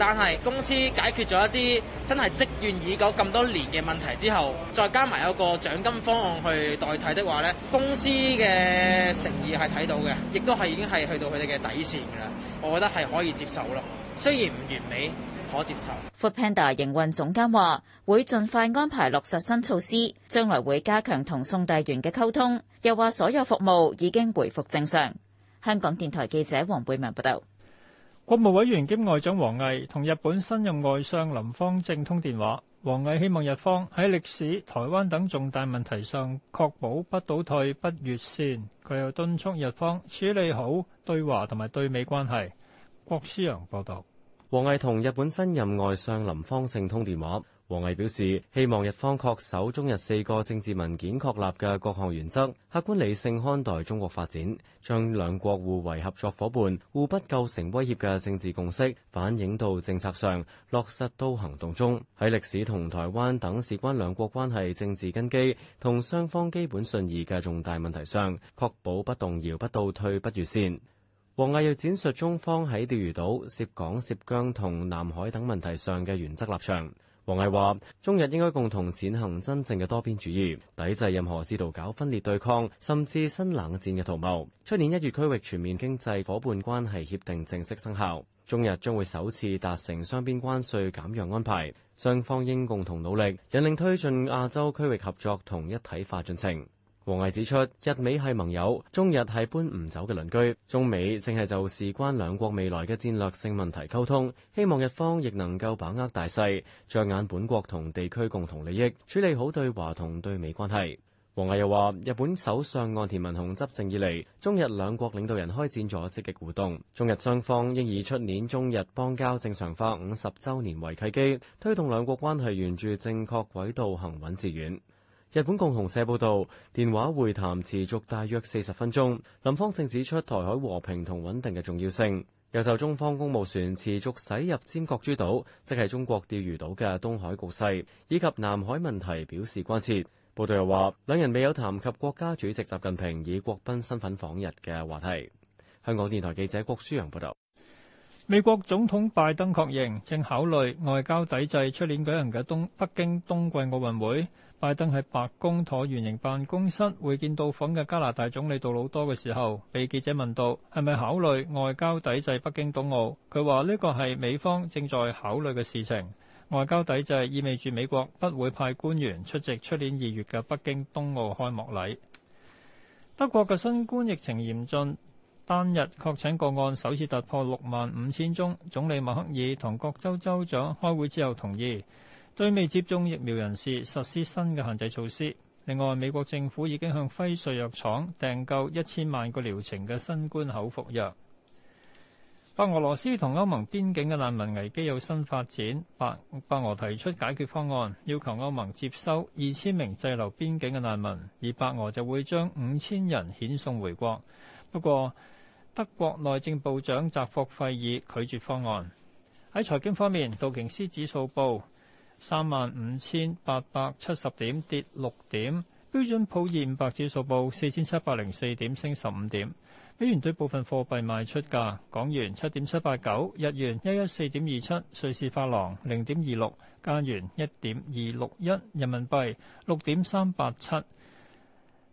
但係公司解決咗一啲真係積怨已久咁多年嘅問題之後，再加埋有個獎金方案去代替的話呢，公司嘅誠意係睇到嘅，亦都係已經係去到佢哋嘅底線㗎啦。我覺得係可以接受咯，雖然唔完美，可接受。Foodpanda 營運總監話：會盡快安排落實新措施，將來會加強同送遞員嘅溝通。又話所有服務已經回復正常。香港電台記者黃貝文報道。國務委員兼外長王毅同日本新任外相林芳正通電話，王毅希望日方喺歷史、台灣等重大問題上確保不倒退、不越線。佢又敦促日方處理好對華同埋對美關係。郭思陽報道，王毅同日本新任外相林芳正通電話。王毅表示，希望日方恪守中日四個政治文件確立嘅各項原則，客觀理性看待中國發展，將兩國互為合作伙伴、互不構成威脅嘅政治共識反映到政策上，落實到行動中。喺歷史同台灣等事關兩國關係政治根基同雙方基本信義嘅重大問題上，確保不動搖、不倒退、不越線。王毅又闡述中方喺釣魚島、涉港、涉疆同南海等問題上嘅原則立場。王毅話：中日應該共同踐行真正嘅多邊主義，抵制任何試圖搞分裂對抗，甚至新冷戰嘅圖謀。出年一月，區域全面經濟伙伴關係協定正式生效，中日將會首次達成雙邊關稅減讓安排，雙方應共同努力，引領推進亞洲區域合作同一體化進程。王毅指出，日美係盟友，中日係搬唔走嘅鄰居，中美正係就事關兩國未來嘅戰略性問題溝通，希望日方亦能夠把握大勢，着眼本國同地區共同利益，處理好對華同對美關係。王毅又話，日本首相岸田文雄執政以嚟，中日兩國領導人開展咗積極互動，中日雙方應以出年中日邦交正常化五十周年為契機，推動兩國關係沿著正確軌道行穩致遠。日本共同社報道，電話會談持續大約四十分鐘。林方正指出，台海和平同穩定嘅重要性，又就中方公務船持續駛入尖閣諸島，即係中國釣魚島嘅東海局勢，以及南海問題表示關切。報道又話，兩人未有談及國家主席習近平以國賓身份訪日嘅話題。香港電台記者郭舒陽報道。美國總統拜登確認，正考慮外交抵制出年舉行嘅東北京冬季奧運會。拜登喺白宮橢圓形辦公室會見到訪嘅加拿大總理杜魯多嘅時候，被記者問到係咪考慮外交抵制北京冬奧，佢話呢個係美方正在考慮嘅事情。外交抵制意味住美國不會派官員出席出年二月嘅北京冬奧開幕禮。德國嘅新冠疫情嚴峻，單日確診個案首次突破六萬五千宗，總理默克爾同各州州長開會之後同意。對未接種疫苗人士實施新嘅限制措施。另外，美國政府已經向輝瑞藥廠訂購一千萬個療程嘅新冠口服藥。白俄羅斯同歐盟邊境嘅難民危機有新發展，白白俄提出解決方案，要求歐盟接收二千名滯留邊境嘅難民，而白俄就會將五千人遣送回國。不過，德國內政部長澤霍費爾拒絕方案。喺財經方面，道瓊斯指數報，三萬五千八百七十點跌六點，標準普爾五百指數報四千七百零四點升十五點。美元對部分貨幣賣出價：港元七點七八九，日元一一四點二七，瑞士法郎零點二六，加元一點二六一，人民幣六點三八七，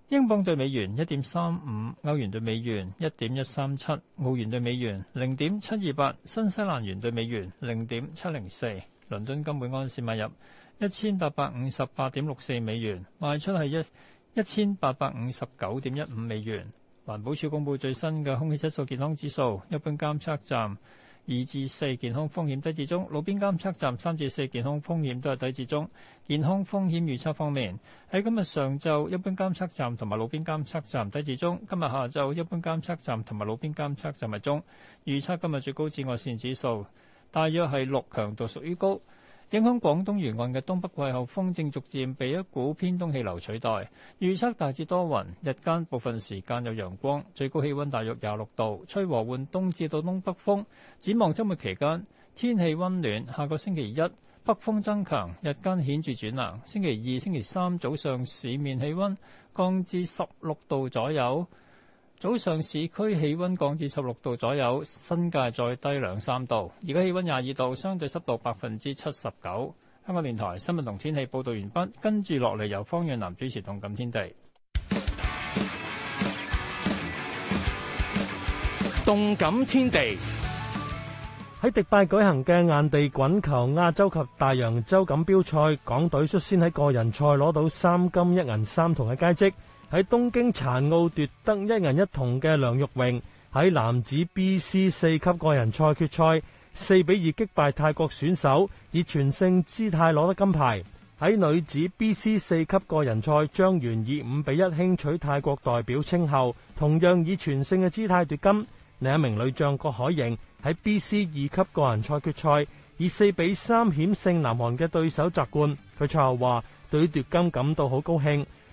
英鎊對美元一點三五，歐元對美元一點一三七，澳元對美元零點七二八，新西蘭元對美元零點七零四。倫敦金本安線買入一千八百五十八點六四美元，賣出係一一千八百五十九點一五美元。環保署公布最新嘅空氣質素健康指數，一般監測站二至四健康風險低至中，路邊監測站三至四健康風險都係低至中。健康風險預測方面，喺今日上晝一般監測站同埋路邊監測站低至中，今日下晝一般監測站同埋路邊監測站係中。預測今日最高紫外線指數。大約係六強度，屬於高，影響廣東沿岸嘅東北季候風正逐漸被一股偏東氣流取代。預測大致多雲，日間部分時間有陽光，最高氣温大約廿六度，吹和緩東至到東北風。展望週末期間，天氣温暖。下個星期一北風增強，日間顯著轉冷。星期二、星期三早上市面氣温降至十六度左右。早上市區氣温降至十六度左右，新界再低兩三度。而家氣温廿二度，相對濕度百分之七十九。香港電台新聞同天氣報導完畢，跟住落嚟由方遠南主持動感天地。動感天地，喺迪拜舉行嘅硬地滾球亞洲及大洋洲錦標賽，港隊率先喺個人賽攞到三金一銀三銅嘅佳績。喺東京殘奧奪得一人一銅嘅梁玉榮，喺男子 B C 四級個人賽決賽四比二擊敗泰國選手，以全勝姿態攞得金牌。喺女子 B C 四級個人賽張元以五比一輕取泰國代表稱，稱后同樣以全勝嘅姿態奪金。另一名女將郭海瑩喺 B C 二級個人賽決賽以四比三險勝南韓嘅對手摘冠。佢賽後話：對奪金感到好高興。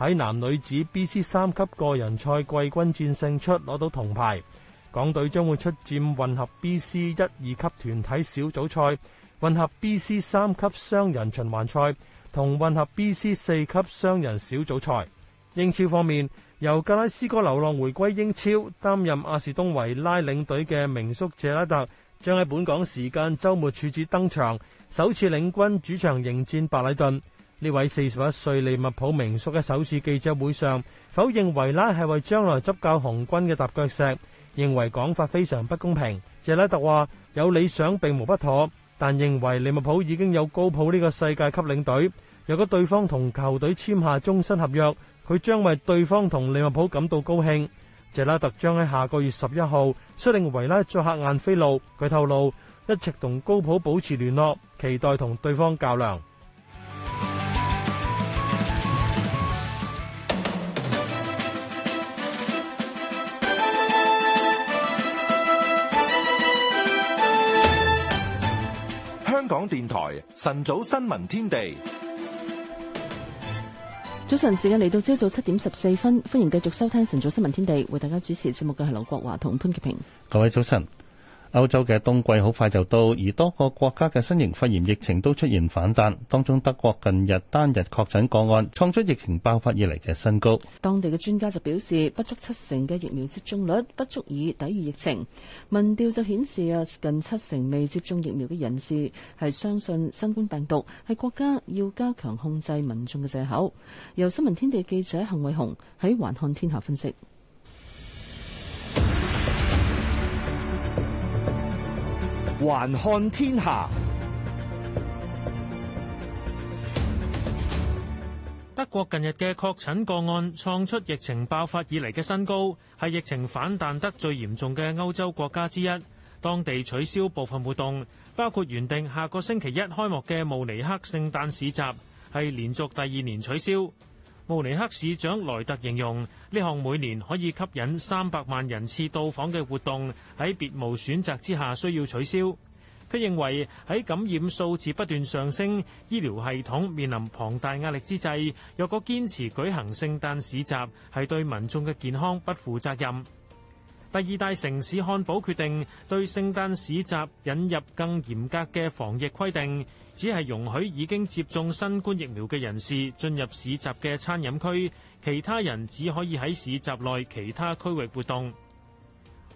喺男女子 B.C 三級個人賽季軍戰勝出攞到銅牌，港隊將會出戰混合 B.C 一、二級團體小組賽、混合 B.C 三級雙人循環賽同混合 B.C 四級雙人小組賽。英超方面，由格拉斯哥流浪回歸英超擔任阿士東維拉領隊嘅名宿謝拉特，將喺本港時間週末處子登場，首次領軍主場迎戰白禮頓。呢位四十一歲利物浦名宿喺首次記者會上否認維拉係為將來執教紅軍嘅踏腳石，認為講法非常不公平。謝拉特話有理想並無不妥，但認為利物浦已經有高普呢個世界級領隊。若果對方同球隊簽下終身合約，佢將為對方同利物浦感到高興。謝拉特將喺下個月十一號率領維拉作客晏菲路，佢透露一直同高普保持聯絡，期待同對方較量。港電台晨早新聞天地，早晨時間嚟到朝早七點十四分，歡迎繼續收聽晨早新聞天地，為大家主持節目嘅係劉國華同潘潔平，各位早晨。歐洲嘅冬季好快就到，而多個國家嘅新型肺炎疫情都出現反彈，當中德國近日單日確診個案創出疫情爆發以嚟嘅新高。當地嘅專家就表示，不足七成嘅疫苗接種率不足以抵禦疫情。民調就顯示啊，近七成未接種疫苗嘅人士係相信新冠病毒係國家要加強控制民眾嘅借口。由新聞天地記者幸偉雄喺環看天下分析。還看天下，德國近日嘅確診個案創出疫情爆發以嚟嘅新高，係疫情反彈得最嚴重嘅歐洲國家之一。當地取消部分活動，包括原定下個星期一開幕嘅慕尼黑聖誕市集，係連續第二年取消。慕尼黑市長萊特形容呢項每年可以吸引三百萬人次到訪嘅活動喺別無選擇之下需要取消。佢認為喺感染數字不斷上升、醫療系統面臨龐大壓力之際，若果堅持舉行聖誕市集，係對民眾嘅健康不負責任。第二大城市漢堡決定對聖誕市集引入更嚴格嘅防疫規定。只係容許已經接種新冠疫苗嘅人士進入市集嘅餐飲區，其他人只可以喺市集內其他區域活動。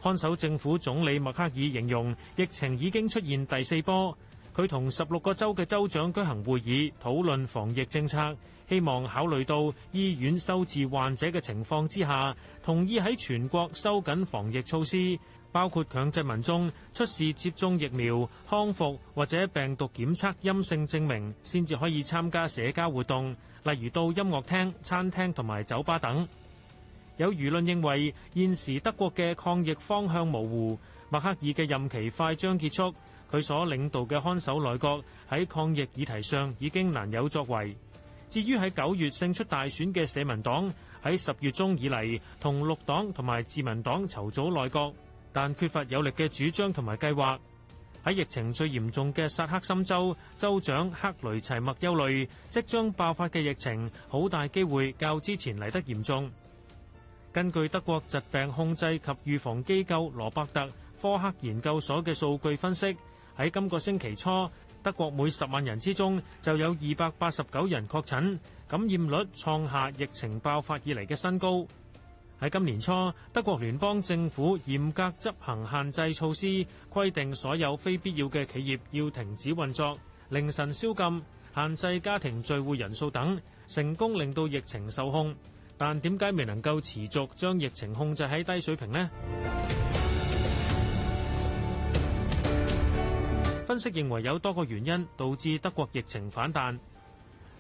看守政府總理默克爾形容疫情已經出現第四波，佢同十六個州嘅州長舉行會議討論防疫政策，希望考慮到醫院收治患者嘅情況之下，同意喺全國收緊防疫措施。包括強制民眾出示接種疫苗、康復或者病毒檢測陰性證明，先至可以參加社交活動，例如到音樂廳、餐廳同埋酒吧等。有輿論認為現時德國嘅抗疫方向模糊。默克爾嘅任期快將結束，佢所領導嘅看守內閣喺抗疫議題上已經難有作為。至於喺九月勝出大選嘅社民黨喺十月中以嚟同綠黨同埋自民黨籌組內閣。但缺乏有力嘅主張同埋計劃。喺疫情最嚴重嘅薩克森州，州，州長克雷齊默憂慮即將爆發嘅疫情好大機會較之前嚟得嚴重。根據德國疾病控制及預防機構羅伯特·科克研究所嘅數據分析，喺今個星期初，德國每十萬人之中就有二百八十九人確診，感染率創下疫情爆發以嚟嘅新高。喺今年初，德國聯邦政府嚴格執行限制措施，規定所有非必要嘅企業要停止運作、凌晨宵禁、限制家庭聚會人數等，成功令到疫情受控。但點解未能夠持續將疫情控制喺低水平呢？分析認為有多個原因導致德國疫情反彈。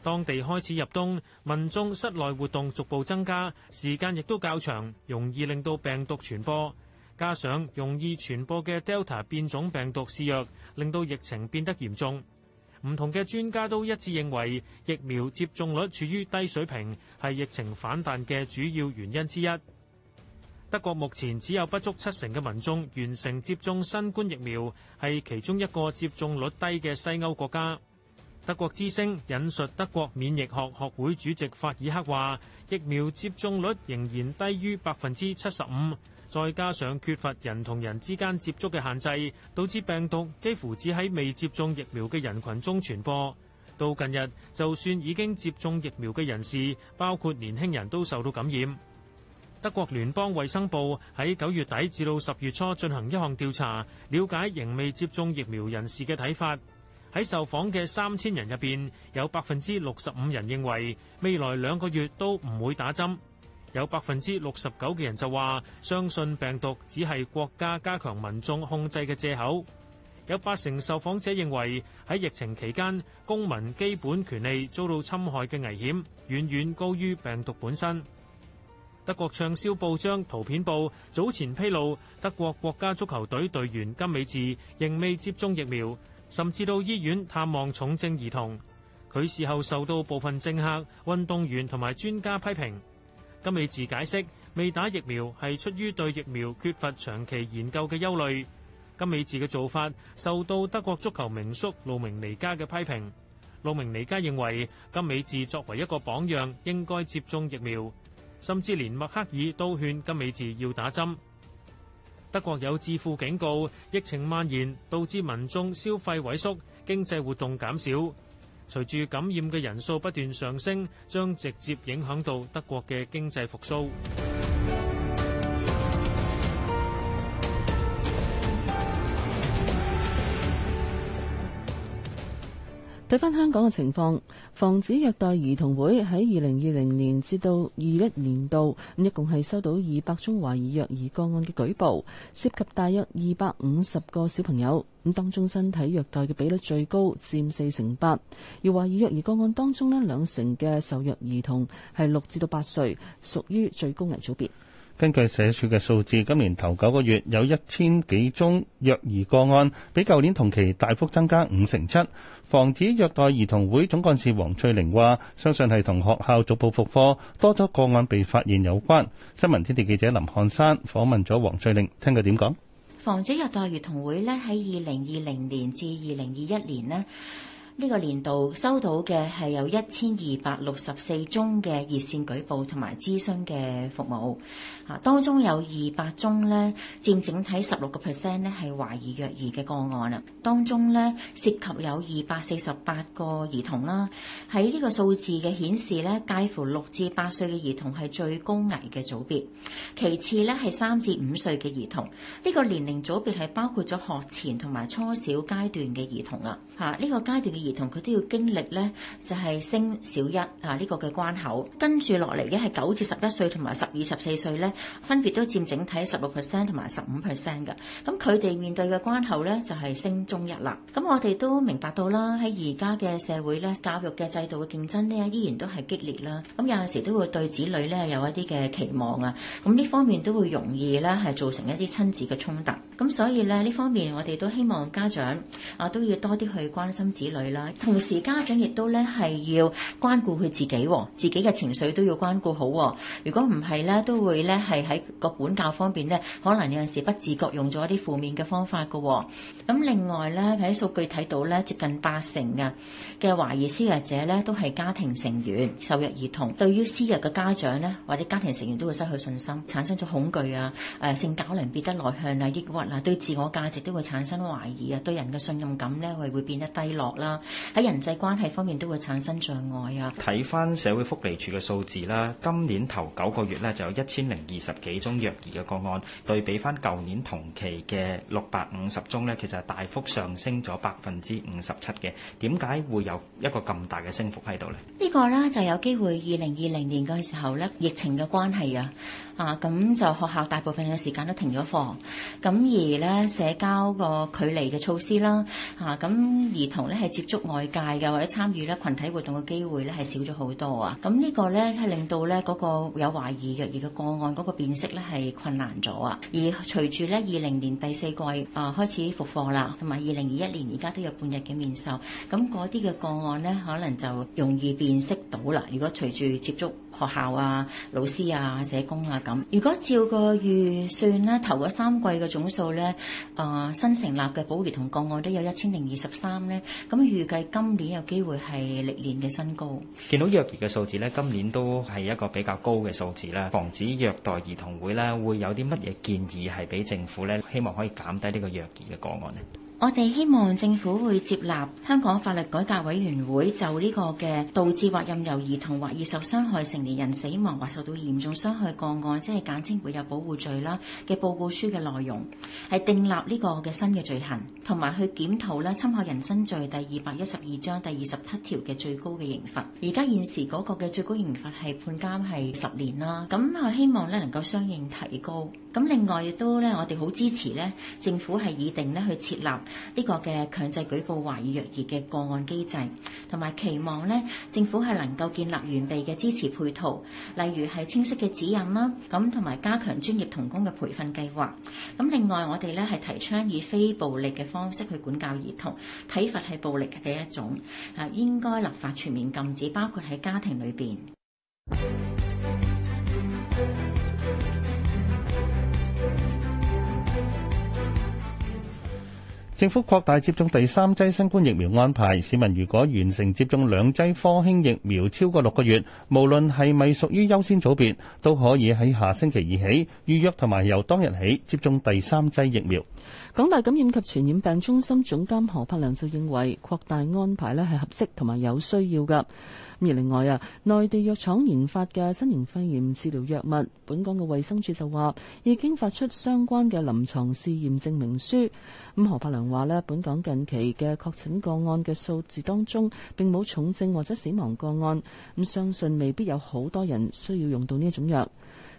當地開始入冬，民眾室內活動逐步增加，時間亦都較長，容易令到病毒傳播。加上容易傳播嘅 Delta 變種病毒肆虐，令到疫情變得嚴重。唔同嘅專家都一致認為，疫苗接種率處於低水平，係疫情反彈嘅主要原因之一。德國目前只有不足七成嘅民眾完成接種新冠疫苗，係其中一個接種率低嘅西歐國家。德國之聲引述德國免疫學學會主席法爾克話：疫苗接種率仍然低於百分之七十五，再加上缺乏人同人之間接觸嘅限制，導致病毒幾乎只喺未接種疫苗嘅人群中傳播。到近日，就算已經接種疫苗嘅人士，包括年輕人都受到感染。德國聯邦衛生部喺九月底至到十月初進行一項調查，了解仍未接種疫苗人士嘅睇法。喺受訪嘅三千人入邊，有百分之六十五人認為未來兩個月都唔會打針；有百分之六十九嘅人就話相信病毒只係國家加強民眾控制嘅藉口；有八成受訪者認為喺疫情期間公民基本權利遭到侵害嘅危險，遠遠高於病毒本身。德國暢銷報章《圖片報》早前披露，德國國家足球隊隊員金美治仍未接種疫苗。甚至到醫院探望重症兒童，佢事後受到部分政客、運動員同埋專家批評。金美智解釋未打疫苗係出於對疫苗缺乏長期研究嘅憂慮。金美智嘅做法受到德國足球名宿魯明尼加嘅批評。魯明尼加認為金美智作為一個榜樣應該接種疫苗，甚至連默克爾都勸金美智要打針。德國有致富警告。疫情蔓延導致民眾消費萎縮，經濟活動減少。隨住感染嘅人數不斷上升，將直接影響到德國嘅經濟復甦。睇翻香港嘅情況，防止虐待兒童會喺二零二零年至到二一年度，一共係收到二百宗懷疑虐兒個案嘅舉報，涉及大約二百五十個小朋友。咁當中身體虐待嘅比率最高，佔四成八。而懷疑虐兒個案當中咧，兩成嘅受虐兒童係六至到八歲，屬於最高危組別。根據社署嘅數字，今年頭九個月有一千幾宗虐兒個案，比舊年同期大幅增加五成七。防止虐待兒童會總幹事黃翠玲話：相信係同學校逐步復課多咗個案被發現有關。新聞天地記者林漢山訪問咗黃翠玲，聽佢點講。防止虐待兒童會呢，喺二零二零年至二零二一年呢。呢個年度收到嘅係有一千二百六十四宗嘅熱線舉報同埋諮詢嘅服務，啊，當中有二百宗咧，佔整體十六個 percent 咧係懷疑虐兒嘅個案啦。當中咧涉及有二百四十八個兒童啦。喺呢個數字嘅顯示咧，介乎六至八歲嘅兒童係最高危嘅組別，其次咧係三至五歲嘅兒童。呢、呢個年齡組別係包括咗學前同埋初小階段嘅兒童啊。嚇，呢個階段嘅。兒童佢都要經歷咧，就係、係、升小一啊，呢、呢個嘅關口，跟住落嚟咧係九至十一歲同埋十二十四歲咧，分別都佔整體十六 percent 同埋十五 percent 嘅。咁佢哋面對嘅關口咧就係、係、升中一啦。咁我哋都明白到啦，喺而家嘅社會咧，教育嘅制度嘅競爭咧依然都係激烈啦。咁有陣時都會對子女咧有一啲嘅期望啊。咁呢方面都會容易咧係造成一啲親子嘅衝突。咁所以咧呢方面，我哋都希望家長啊都要多啲去關心子女。同時，家長亦都咧係要關顧佢自己、哦，自己嘅情緒都要關顧好、哦。如果唔係咧，都會咧係喺個管教方面咧，可能有陣時不自覺用咗一啲負面嘅方法噶、哦。咁另外咧，喺數據睇到咧，接近八成嘅嘅懷疑施虐者咧，都係家庭成員、受虐兒童。對於施虐嘅家長咧，或者家庭成員都會失去信心，產生咗恐懼啊，誒，性格變得內向啊，抑鬱啊，對自我價值都會產生懷疑啊，對人嘅信任感咧係會變得低落啦、啊。喺人際關係方面都會產生障礙啊！睇翻社會福利處嘅數字啦，今年頭九個月咧就有一千零二十幾宗虐兒嘅個案，對比翻舊年同期嘅六百五十宗咧，其實係大幅上升咗百分之五十七嘅。點解會有一個咁大嘅升幅喺度呢？呢個咧就有機會二零二零年嘅時候咧，疫情嘅關係啊，啊咁就學校大部分嘅時間都停咗課，咁而咧社交個距離嘅措施啦，啊咁兒童咧係接觸。外界嘅或者參與咧群體活動嘅機會咧係少咗好多啊，咁呢個咧係令到咧嗰個有懷疑弱兒嘅個案嗰個辨識咧係困難咗啊，而隨住咧二零年第四季啊、呃、開始復課啦，同埋二零二一年而家都有半日嘅面授，咁嗰啲嘅個案咧可能就容易辨識到啦。如果隨住接觸。學校啊、老師啊、社工啊咁。如果照個預算咧，頭嗰三季嘅總數咧，啊、呃、新成立嘅保護兒童個案都有一千零二十三咧。咁預計今年有機會係歷年嘅新高。見到虐兒嘅數字咧，今年都係一個比較高嘅數字啦。防止虐待兒童會咧，會有啲乜嘢建議係俾政府咧，希望可以減低呢個虐兒嘅個案呢？我哋希望政府會接納香港法律改革委員會就呢個嘅導致或任由兒童或易受傷害成年人死亡或受到嚴重傷害嘅個案，即係簡稱為有保護罪啦嘅報告書嘅內容，係訂立呢個嘅新嘅罪行，同埋去檢討咧侵害人身罪第二百一十二章第二十七條嘅最高嘅刑罰。而家現時嗰個嘅最高刑罰係判監係十年啦，咁我希望咧能夠相應提高。咁另外亦都咧，我哋好支持咧，政府係擬定咧去設立呢個嘅強制舉報懷疑虐兒嘅個案機制，同埋期望咧政府係能夠建立完備嘅支持配套，例如係清晰嘅指引啦，咁同埋加強專業童工嘅培訓計劃。咁另外我哋咧係提倡以非暴力嘅方式去管教兒童，體罰係暴力嘅一種，啊應該立法全面禁止，包括喺家庭裏邊。政府擴大接種第三劑新冠疫苗安排，市民如果完成接種兩劑科興疫苗超過六個月，無論係咪屬於優先組別，都可以喺下星期二起預約同埋由當日起接種第三劑疫苗。港大感染及傳染病中心總監何柏良就認為，擴大安排呢係合適同埋有需要㗎。而另外啊，內地藥廠研發嘅新型肺炎治療藥物，本港嘅衛生署就話已經發出相關嘅臨床試驗證明書。咁何柏良話咧，本港近期嘅確診個案嘅數字當中並冇重症或者死亡個案，咁相信未必有好多人需要用到呢一種藥。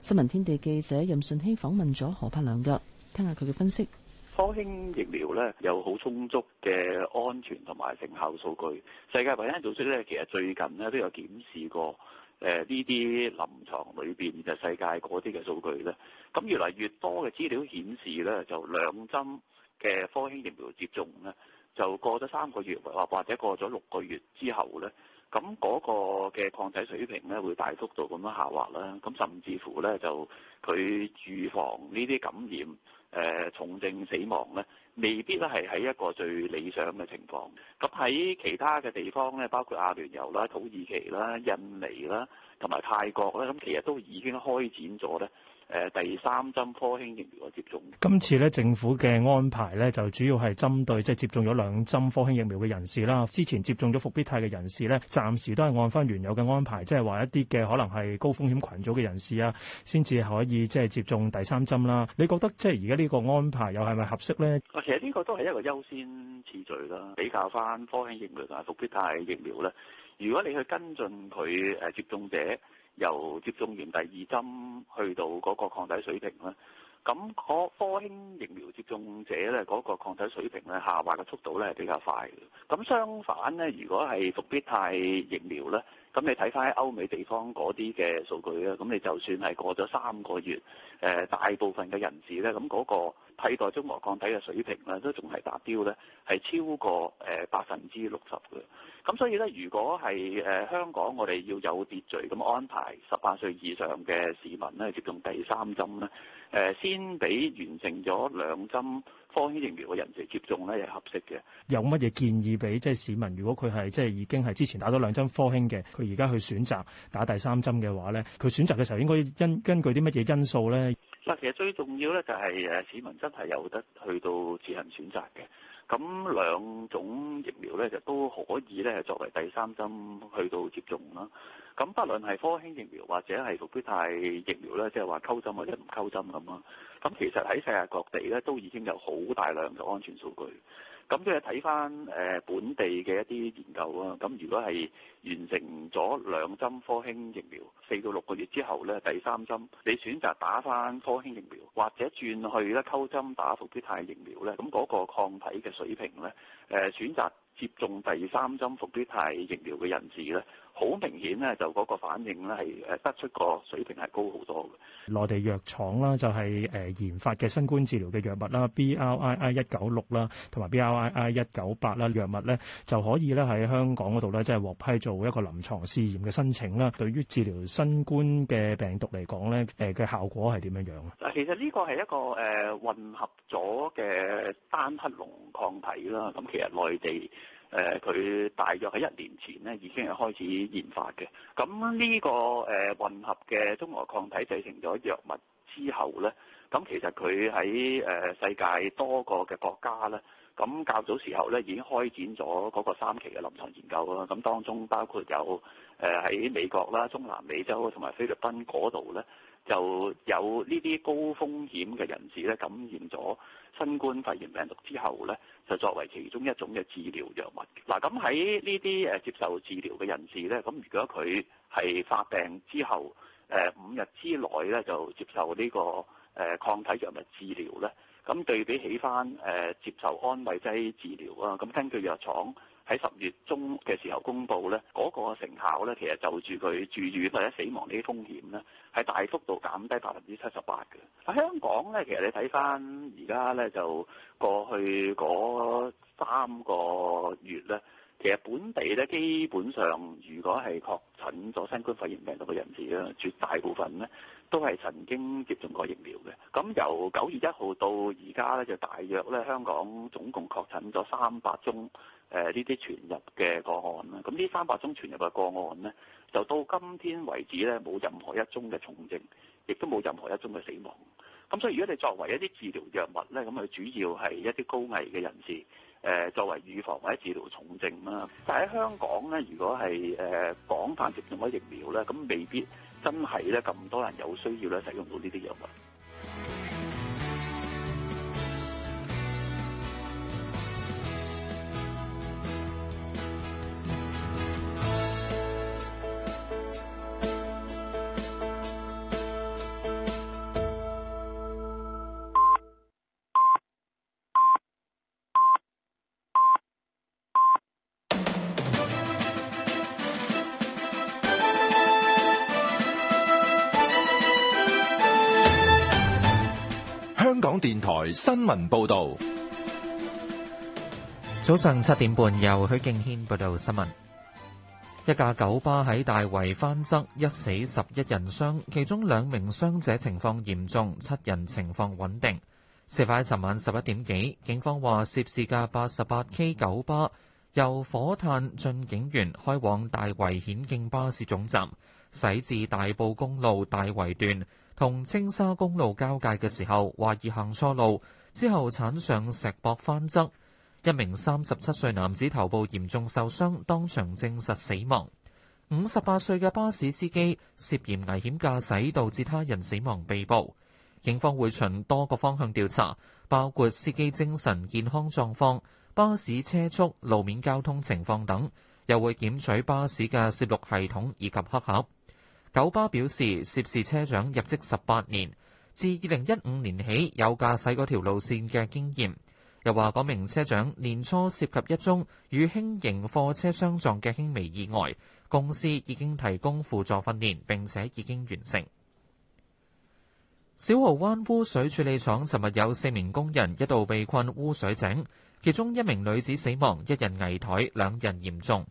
新聞天地記者任信希訪問咗何柏良嘅，聽下佢嘅分析。科興疫苗咧有好充足嘅安全同埋成效數據，世界衞生組織咧其實最近咧都有檢視過，誒呢啲臨床裏邊嘅世界嗰啲嘅數據咧，咁越嚟越多嘅資料顯示咧就兩針嘅科興疫苗接種咧，就過咗三個月或或者過咗六個月之後咧，咁嗰個嘅抗體水平咧會大幅度咁樣下滑啦，咁甚至乎咧就佢預防呢啲感染。誒、呃，重症死亡咧，未必咧係喺一個最理想嘅情況。咁、嗯、喺其他嘅地方咧，包括阿聯酋啦、土耳其啦、印尼啦，同埋泰國啦，咁、嗯、其實都已經開展咗咧。誒、第三針科興疫苗嘅接種，今次咧政府嘅安排咧就主要係針對即係、就是、接種咗兩針科興疫苗嘅人士啦。之前接種咗復必泰嘅人士咧，暫時都係按翻原有嘅安排，即係話一啲嘅可能係高風險群組嘅人士啊，先至可以即係、就是、接種第三針啦。你覺得即係而家呢個安排又係咪合適咧？我其實呢個都係一個優先次序啦。比較翻科興疫苗同埋復必泰疫苗啦，如果你去跟進佢誒接種者。由接種完第二針去到嗰個抗體水平咧，咁科興疫苗接種者咧嗰、嗰個抗體水平咧下滑嘅速度咧比較快嘅。咁相反咧，如果係復必泰疫苗咧，咁你睇翻喺歐美地方嗰啲嘅數據咧，咁你就算係過咗三個月，誒、呃、大部分嘅人士咧，咁、咁、嗰個，替代中和抗體嘅水平咧都仲係達標咧，係超過誒百分之六十嘅。咁、呃、所以咧，如果係誒、呃、香港，我哋要有秩序咁安排十八歲以上嘅市民咧接種第三針咧，誒、呃、先俾完成咗兩針科興疫苗嘅人嚟接種咧，係合適嘅。有乜嘢建議俾即係市民？如果佢係即係已經係之前打咗兩針科興嘅，佢而家去選擇打第三針嘅話咧，佢選擇嘅時候應該因根據啲乜嘢因素咧？嗱，其實最重要咧就係誒市民真係有得去到自行選擇嘅，咁兩種疫苗咧就都可以咧作為第三針去到接種啦。咁不論係科興疫苗或者係復必泰疫苗咧，即係話溝針或者唔溝針咁啦。咁其實喺世界各地咧都已經有好大量嘅安全數據。咁即係睇翻誒本地嘅一啲研究啊，咁如果係完成咗兩針科興疫苗四到六個月之後咧，第三針你選擇打翻科興疫苗，或者轉去咧溝針打復必泰疫苗咧，咁、那、嗰個抗體嘅水平咧，誒選擇接種第三針復必泰疫苗嘅人士咧。好明顯咧，就嗰個反應咧，係誒得出個水平係高好多嘅。內地藥廠啦，就係誒研發嘅新冠治療嘅藥物啦，BRII 一九六啦，同埋 BRII 一九八啦藥物咧，就可以咧喺香港嗰度咧，即係獲批做一個臨床試驗嘅申請啦。對於治療新冠嘅病毒嚟講咧，誒嘅效果係點樣樣？嗱，其實呢個係一個誒混合咗嘅單克隆抗體啦。咁其實內地。誒佢、呃、大約喺一年前咧已經係開始研發嘅，咁呢、這個誒、呃、混合嘅中和抗體製成咗藥物之後咧，咁其實佢喺誒世界多個嘅國家咧，咁較早時候咧已經開展咗嗰個三期嘅臨床研究啦，咁當中包括有誒喺、呃、美國啦、中南美洲同埋菲律賓嗰度咧。就有呢啲高風險嘅人士咧感染咗新冠肺炎病毒之後咧，就作為其中一種嘅治療藥物。嗱，咁喺呢啲誒接受治療嘅人士咧，咁如果佢係發病之後誒五、呃、日之內咧就接受呢個誒、呃、抗體藥物治療咧，咁對比起翻誒、呃、接受安慰劑治療啊，咁根據藥廠，喺十月中嘅時候公布咧，嗰個成效咧，其實就住佢住院或者死亡呢啲風險咧，係大幅度減低百分之七十八嘅。喺香港咧，其實你睇翻而家咧，就過去嗰三個月咧。其實本地咧基本上，如果係確診咗新冠肺炎病毒嘅人士咧，絕大部分咧都係曾經接種過疫苗嘅。咁由九月一號到而家咧，就大約咧香港總共確診咗三百宗誒呢啲傳入嘅個案啦。咁呢三百宗傳入嘅個案咧，就到今天為止咧冇任何一宗嘅重症，亦都冇任何一宗嘅死亡。咁所以如果你作為一啲治療藥物咧，咁佢主要係一啲高危嘅人士。誒作為預防或者治療重症啦，但喺香港咧，如果係誒廣泛接種咗疫苗咧，咁未必真係咧咁多人有需要咧使用到呢啲藥物。新聞報道，早上七點半，由許敬軒報道新聞。一架九巴喺大圍翻側，一死十一人傷，其中兩名傷者情況嚴重，七人情況穩定。事發喺尋晚十一點幾，警方話涉事架八十八 K 九巴由火炭駿景園開往大圍顯徑巴士總站，駛至大埔公路大圍段，同青沙公路交界嘅時候，懷疑行錯路，之後鏟上石壆翻側，一名三十七歲男子頭部嚴重受傷，當場證實死亡。五十八歲嘅巴士司機涉嫌危險駕駛，導致他人死亡，被捕。警方會循多個方向調查，包括司機精神健康狀況、巴士車速、路面交通情況等，又會檢取巴士嘅攝錄系統以及黑盒。九巴表示，涉事車長入職十八年，自二零一五年起有駕駛嗰條路線嘅經驗。又話嗰名車長年初涉及一宗與輕型貨車相撞嘅輕微意外，公司已經提供輔助訓練，並且已經完成。小蠔灣污水處理廠尋日有四名工人一度被困污水井，其中一名女子死亡，一人危殆，兩人嚴重。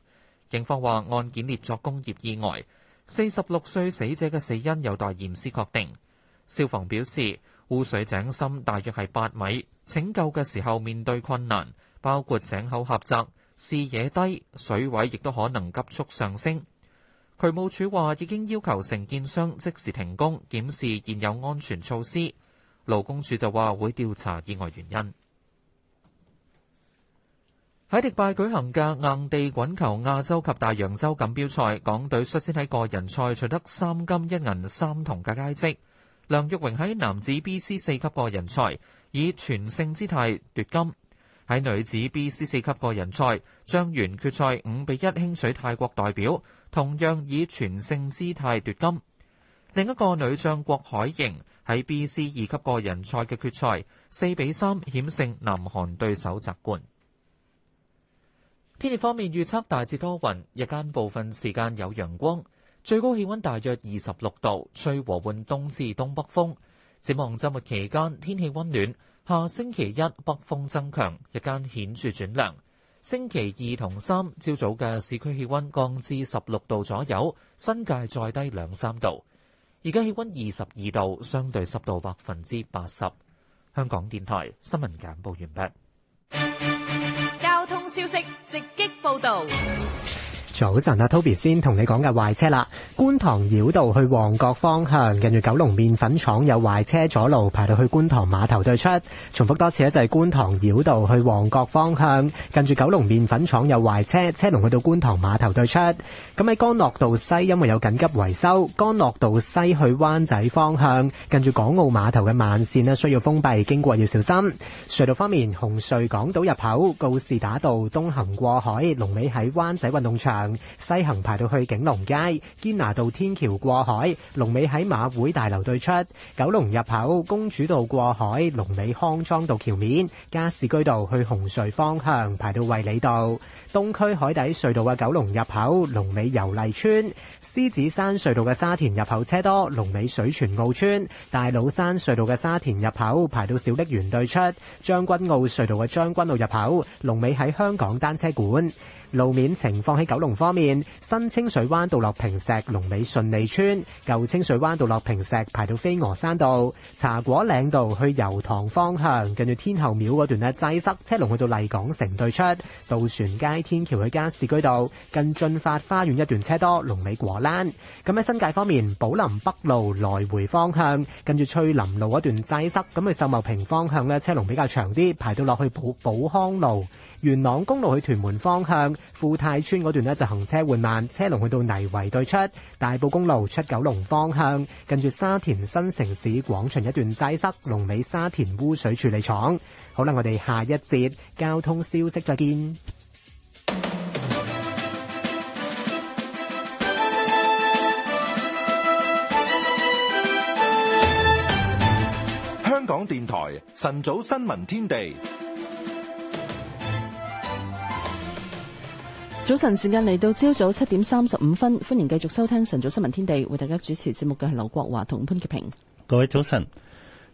警方話案件列作工業意外。四十六歲死者嘅死因有待驗屍確定。消防表示，污水井深大約係八米，拯救嘅時候面對困難，包括井口狹窄、視野低、水位亦都可能急速上升。渠務署話已經要求承建商即時停工檢視現有安全措施。勞工處就話會調查意外原因。喺迪拜舉行嘅硬地滾球亞洲及大洋洲錦標賽，港隊率先喺個人賽取得三金一銀三銅嘅佳績。梁玉榮喺男子 B C 4級個人賽以全勝姿態奪金。喺女子 B C 4級個人賽，張元決賽五比一輕取泰國代表，同樣以全勝姿態奪金。另一個女將郭海瑩喺 B C 2級個人賽嘅決賽四比三險勝南韓對手摘冠。天氣方面預測大致多雲，日間部分時間有陽光，最高氣溫大約二十六度，吹和緩東至東北風。展望周末期間，天氣溫暖，下星期一北風增強，日間顯著轉涼。星期二同三朝早嘅市區氣溫降至十六度左右，新界再低兩三度。而家氣溫二十二度，相對濕度百分之八十。香港電台新聞簡報完畢。消息直擊報導。早晨啊，Toby 先同你講嘅壞車啦。觀塘繞道去旺角方向，近住九龍麵粉廠有壞車阻路，排到去觀塘碼頭對出。重複多次咧，就係觀塘繞道去旺角方向，近住九龍麵粉廠有壞車，車龍去到觀塘碼頭對出。咁喺干諾道西，因為有緊急維修，干諾道西去灣仔方向，近住港澳碼頭嘅慢線咧，需要封閉，經過要小心。隧道方面，紅隧港島入口告士打道東行過海，龍尾喺灣仔運動場。西行排到去景隆街，堅拿道天橋過海，龍尾喺馬會大樓對出；九龍入口公主道過海，龍尾康莊道橋面，加士居道去紅隧方向排到衛理道；東區海底隧道嘅九龍入口，龍尾油麗村；獅子山隧道嘅沙田入口車多，龍尾水泉澳村；大老山隧道嘅沙田入口排到小瀝源對出；將軍澳隧道嘅將軍澳入口，龍尾喺香港單車館。路面情況喺九龍方面，新清水灣道落坪石龍尾順利村，舊清水灣道落坪石排到飛鵝山道、茶果嶺道去油塘方向，近住天后廟嗰段呢，擠塞，車龍去到麗港城對出、渡船街天橋去加士居道，近進發花園一段車多，龍尾果欄。咁喺新界方面，寶林北路來回方向，近住翠林路一段擠塞，咁去秀茂坪方向呢，車龍比較長啲，排到落去寶寶康路。元朗公路去屯門方向富泰村嗰段呢就行車緩慢，車龍去到泥圍對出，大埔公路出九龍方向，跟住，沙田新城市廣場一段擠塞，龍尾沙田污水處理廠。好啦，我哋下一節交通消息再見。香港電台晨早新聞天地。早晨，時間嚟到朝早七點三十五分，歡迎繼續收聽晨早新聞天地，為大家主持節目嘅係劉國華同潘潔平。各位早晨，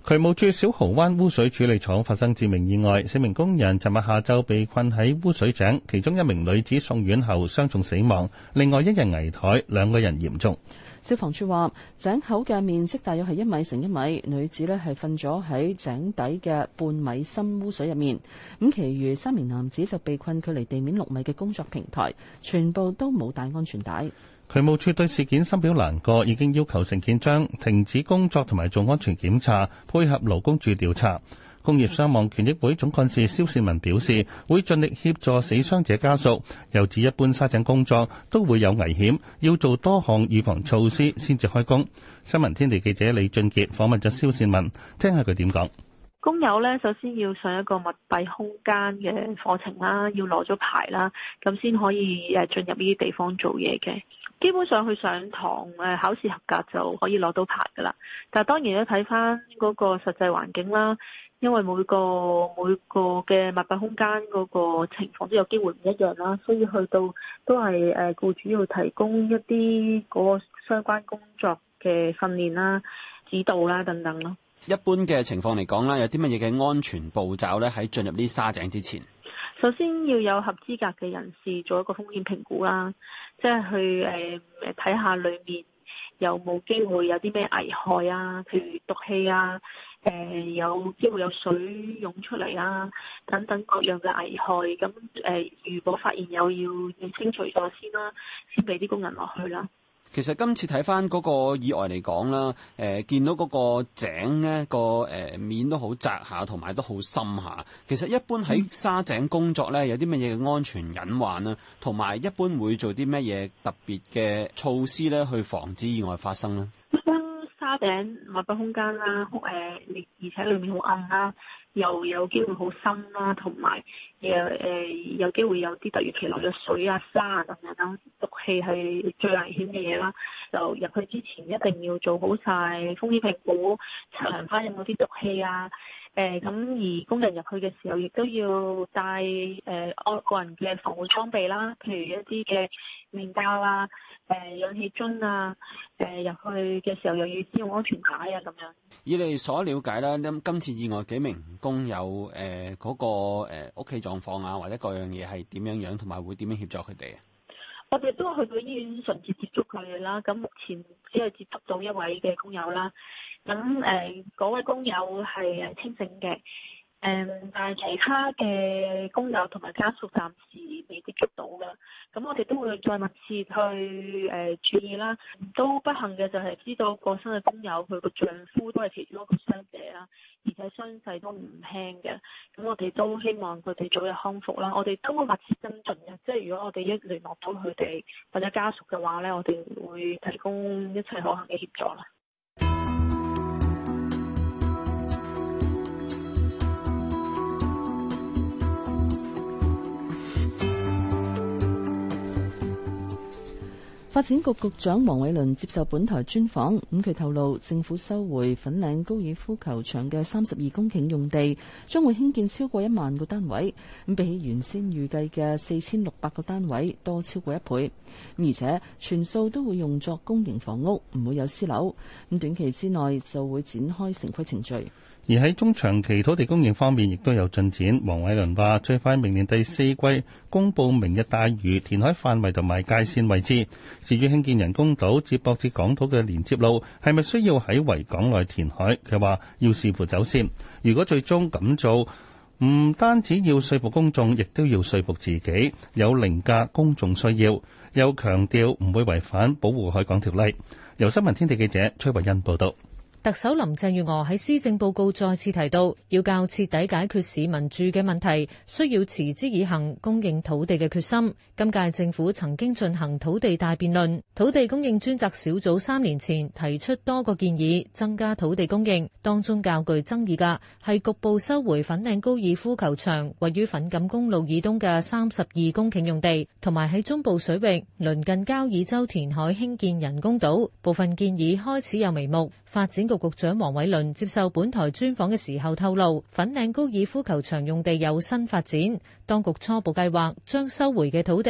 渠務處小蠔灣污水處理廠發生致命意外，四名工人尋日下晝被困喺污水井，其中一名女子送院後傷重死亡，另外一人危殆，兩個人嚴重。消防處話井口嘅面積大約係一米乘一米，女子呢係瞓咗喺井底嘅半米深污水入面。咁，其餘三名男子就被困距離地面六米嘅工作平台，全部都冇戴安全帶。渠務處對事件深表難過，已經要求承建商停止工作同埋做安全檢查，配合勞工處調查。工業傷亡權益會總幹事蕭善文表示，會盡力協助死傷者家屬。又指一般沙井工作都會有危險，要做多項預防措施先至開工。新聞天地記者李俊傑訪問咗蕭善文，聽下佢點講。工友呢首先要上一個密閉空間嘅課程啦，要攞咗牌啦，咁先可以誒進入呢啲地方做嘢嘅。基本上佢上堂誒考試合格就可以攞到牌㗎喇。但係當然咧，睇翻嗰個實際環境啦。因為每個每個嘅密閉空間嗰個情況都有機會唔一樣啦，所以去到都係誒僱主要提供一啲嗰個相關工作嘅訓練啦、指導啦等等咯。一般嘅情況嚟講啦，有啲乜嘢嘅安全步驟呢？喺進入呢沙井之前，首先要有合資格嘅人士做一個風險評估啦，即係去誒睇下裏面有冇機會有啲咩危害啊，譬如毒氣啊。誒、呃，有機會有水湧出嚟啊，等等各樣嘅危害。咁誒、呃，如果發現有要要清除咗先啦，先俾啲工人落去啦。其實今次睇翻嗰個意外嚟講啦，誒、呃，見到嗰個井咧，個誒、呃、面都好窄下，同埋都好深下。其實一般喺沙井工作咧，有啲乜嘢嘅安全隱患咧？同埋一般會做啲乜嘢特別嘅措施咧，去防止意外發生咧？花頂密閉空間啦，誒，而且裏面好暗啦，又有機會好深啦，同埋。又誒有機會有啲突如其來嘅水啊、沙啊咁樣，毒氣係最危險嘅嘢啦。就入去之前一定要做好晒風險評估，測量翻有冇啲毒氣啊。誒咁而工人入去嘅時候，亦都要帶誒誒個人嘅防護裝備啦，譬如一啲嘅面罩啊、誒氧氣樽啊。誒入去嘅時候又要使用安全帶啊，咁樣，以你哋所了解啦，咁今次意外幾名工友誒個誒屋企在。狀況啊，或者各樣嘢係點樣樣，同埋會點樣協助佢哋啊？我哋都去到醫院純接接觸佢哋啦。咁目前只係接觸到一位嘅工友啦。咁誒，嗰位工友係誒清醒嘅。誒、嗯，但係其他嘅工友同埋家屬暫時未接觸到㗎，咁我哋都會再密切去誒、呃、注意啦。都不幸嘅就係知道過身嘅工友佢個丈夫都係其中一個傷者啦，而且傷勢都唔輕嘅。咁我哋都希望佢哋早日康復啦。我哋都會密切跟進嘅，即係如果我哋一聯絡到佢哋或者家屬嘅話呢，我哋會提供一切可行嘅協助啦。發展局局長黃偉綸接受本台專訪，咁佢透露政府收回粉嶺高爾夫球場嘅三十二公頃用地，將會興建超過一萬個單位，咁比起原先預計嘅四千六百個單位多超過一倍，而且全數都會用作公營房屋，唔會有私樓，咁短期之內就會展開城規程序。而喺中長期土地供應方面，亦都有進展。黃偉綸話：最快明年第四季公佈明日大嶼，填海範圍同埋界線位置，至於興建人工島接駁至港島嘅連接路，係咪需要喺維港內填海？佢話要視乎走線。如果最終咁做，唔單止要說服公眾，亦都要說服自己，有凌駕公眾需要，又強調唔會違反保護海港條例。由新聞天地記者崔慧欣報道。特首林鄭月娥喺施政報告再次提到，要較徹底解決市民住嘅問題，需要持之以恆供應土地嘅決心。今屆政府曾經進行土地大辯論，土地供應專責小組三年前提出多個建議增加土地供應，當中較具爭議噶係局部收回粉嶺高爾夫球場位於粉錦公路以東嘅三十二公頃用地，同埋喺中部水域鄰近交椅洲填海興建人工島。部分建議開始有眉目。發展局局長黃偉綸接受本台專訪嘅時候透露，粉嶺高爾夫球場用地有新發展，當局初步計劃將收回嘅土地。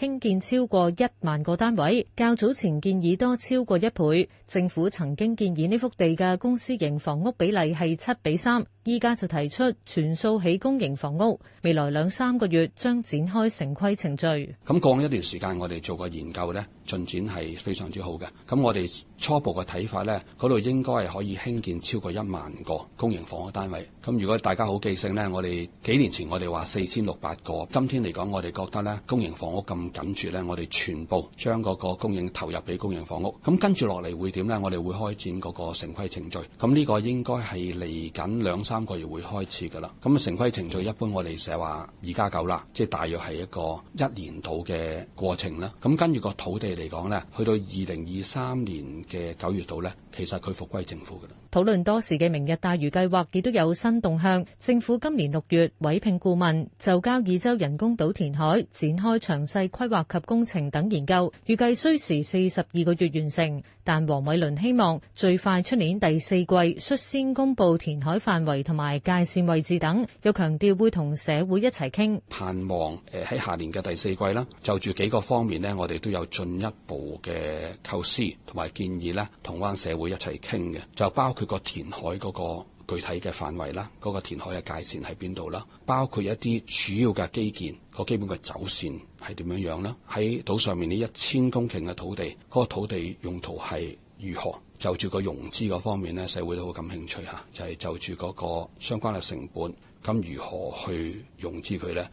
興建超過一萬個單位，較早前建議多超過一倍。政府曾經建議呢幅地嘅公私營房屋比例係七比三，依家就提出全數起公營房屋。未來兩三個月將展開城規程序。咁過一段時間我哋做過研究咧，進展係非常之好嘅。咁我哋初步嘅睇法，呢嗰度應該係可以興建超過一萬個公營房屋單位。咁如果大家好記性呢，我哋幾年前我哋話四千六百個，今天嚟講我哋覺得呢公營房屋咁。跟住咧，我哋全部將嗰個供應投入俾供應房屋，咁跟住落嚟會點咧？我哋會開展嗰個城規程序，咁、這、呢個應該係嚟緊兩三個月會開始噶啦。咁城規程序一般我哋成日話二加九啦，即係大約係一個一年度嘅過程啦。咁跟住個土地嚟講咧，去到二零二三年嘅九月度咧，其實佢復歸政府㗎啦。討論多時嘅明日大嶼計劃亦都有新動向。政府今年六月委聘顧問，就交椅洲人工島填海，展開詳細規劃及工程等研究，預計需時四十二個月完成。但黃偉綸希望最快出年第四季，率先公布填海範圍同埋界線位置等，又強調會同社會一齊傾，盼望誒喺下年嘅第四季啦，就住幾個方面咧，我哋都有進一步嘅構思同埋建議咧，同灣社會一齊傾嘅，就包括個填海嗰個。具體嘅範圍啦，嗰個填海嘅界線喺邊度啦，包括一啲主要嘅基建，個基本嘅走線係點樣樣啦，喺島上面呢一千公頃嘅土地，嗰個土地用途係如何？就住個融資嗰方面咧，社會都好感興趣嚇，就係就住嗰個相關嘅成本，咁如何去？融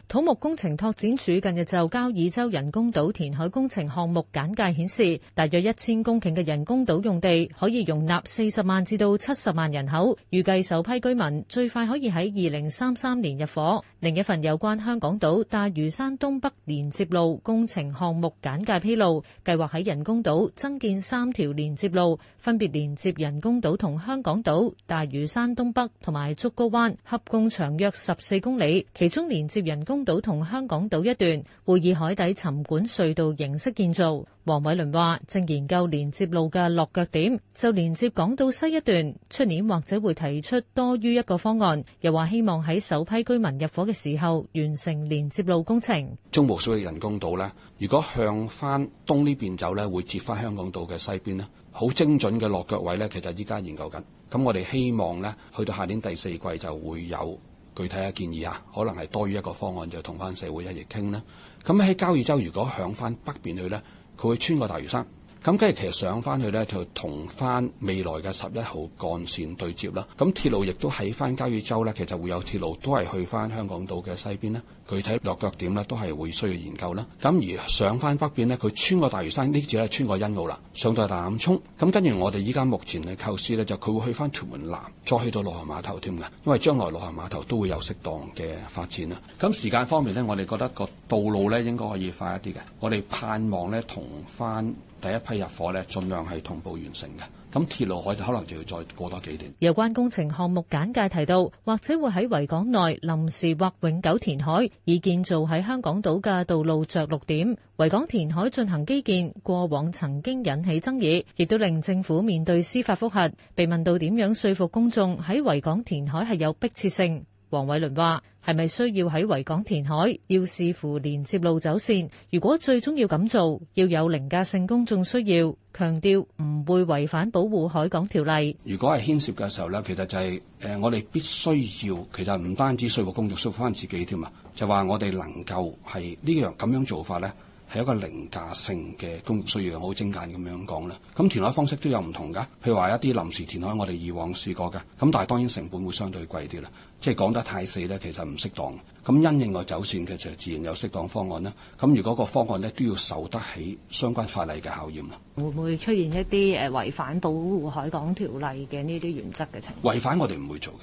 土木工程拓展署近日就交椅洲人工島填海工程項目簡介顯示，大約一千公頃嘅人工島用地可以容納四十萬至到七十萬人口，預計首批居民最快可以喺二零三三年入伙。另一份有關香港島大嶼山東北連接路工程項目簡介披露，計劃喺人工島增建三條連接路，分別連接人工島同香港島大嶼山東北同埋竹篙灣，合共長約十四公里，其中，連接人工島同香港島一段會以海底沉管隧道形式建造。黃偉綸話：正研究連接路嘅落腳點，就連接港島西一段。出年或者會提出多於一個方案，又話希望喺首批居民入伙嘅時候完成連接路工程。中部水域嘅人工島咧，如果向翻東呢邊走咧，會接翻香港島嘅西邊咧，好精準嘅落腳位咧，其實依家研究緊。咁我哋希望咧，去到下年第四季就會有具體嘅建議啊，可能係多於一個方案，就同翻社會一齊傾咧。咁喺交椅洲，如果向翻北邊去咧，佢會穿過大嶼山。咁跟住其實上翻去咧，就同翻未來嘅十一號幹線對接啦。咁鐵路亦都喺翻交椅洲咧，其實會有鐵路都係去翻香港島嘅西邊咧。具體落腳點咧，都係會需要研究啦。咁而上翻北邊呢，佢穿過大嶼山呢次咧，穿過欣澳啦，上到南涌。咁跟住我哋依家目前嘅構思呢，就佢會去翻屯門南，再去到內河碼頭添嘅，因為將來內河碼頭都會有適當嘅發展啦。咁時間方面呢，我哋覺得個道路呢應該可以快一啲嘅。我哋盼望呢，同翻。第一批入伙呢，盡量係同步完成嘅。咁鐵路海就可能就要再過多幾年。有關工程項目簡介提到，或者會喺維港內臨時或永久填海，以建造喺香港島嘅道路着陸點。維港填海進行基建，過往曾經引起爭議，亦都令政府面對司法覆核。被問到點樣説服公眾喺維港填海係有迫切性，黃偉倫話。係咪需要喺維港填海？要視乎連接路走線。如果最終要咁做，要有凌駕性公眾需要，強調唔會違反保護海港條例。如果係牽涉嘅時候咧，其實就係、是、誒、呃，我哋必須要，其實唔單止說服公眾，說服翻自己添啊，就話我哋能夠係呢樣咁樣做法咧。係一個凌駕性嘅公務需要，好精簡咁樣講啦。咁填海方式都有唔同㗎，譬如話一啲臨時填海，我哋以往試過嘅，咁但係當然成本會相對貴啲啦。即係講得太細咧，其實唔適當。咁因應我走線嘅就自然有適當方案啦。咁如果個方案呢，都要受得起相關法例嘅考驗啦。會唔會出現一啲誒違反保護海港條例嘅呢啲原則嘅情況？違反我哋唔會做嘅。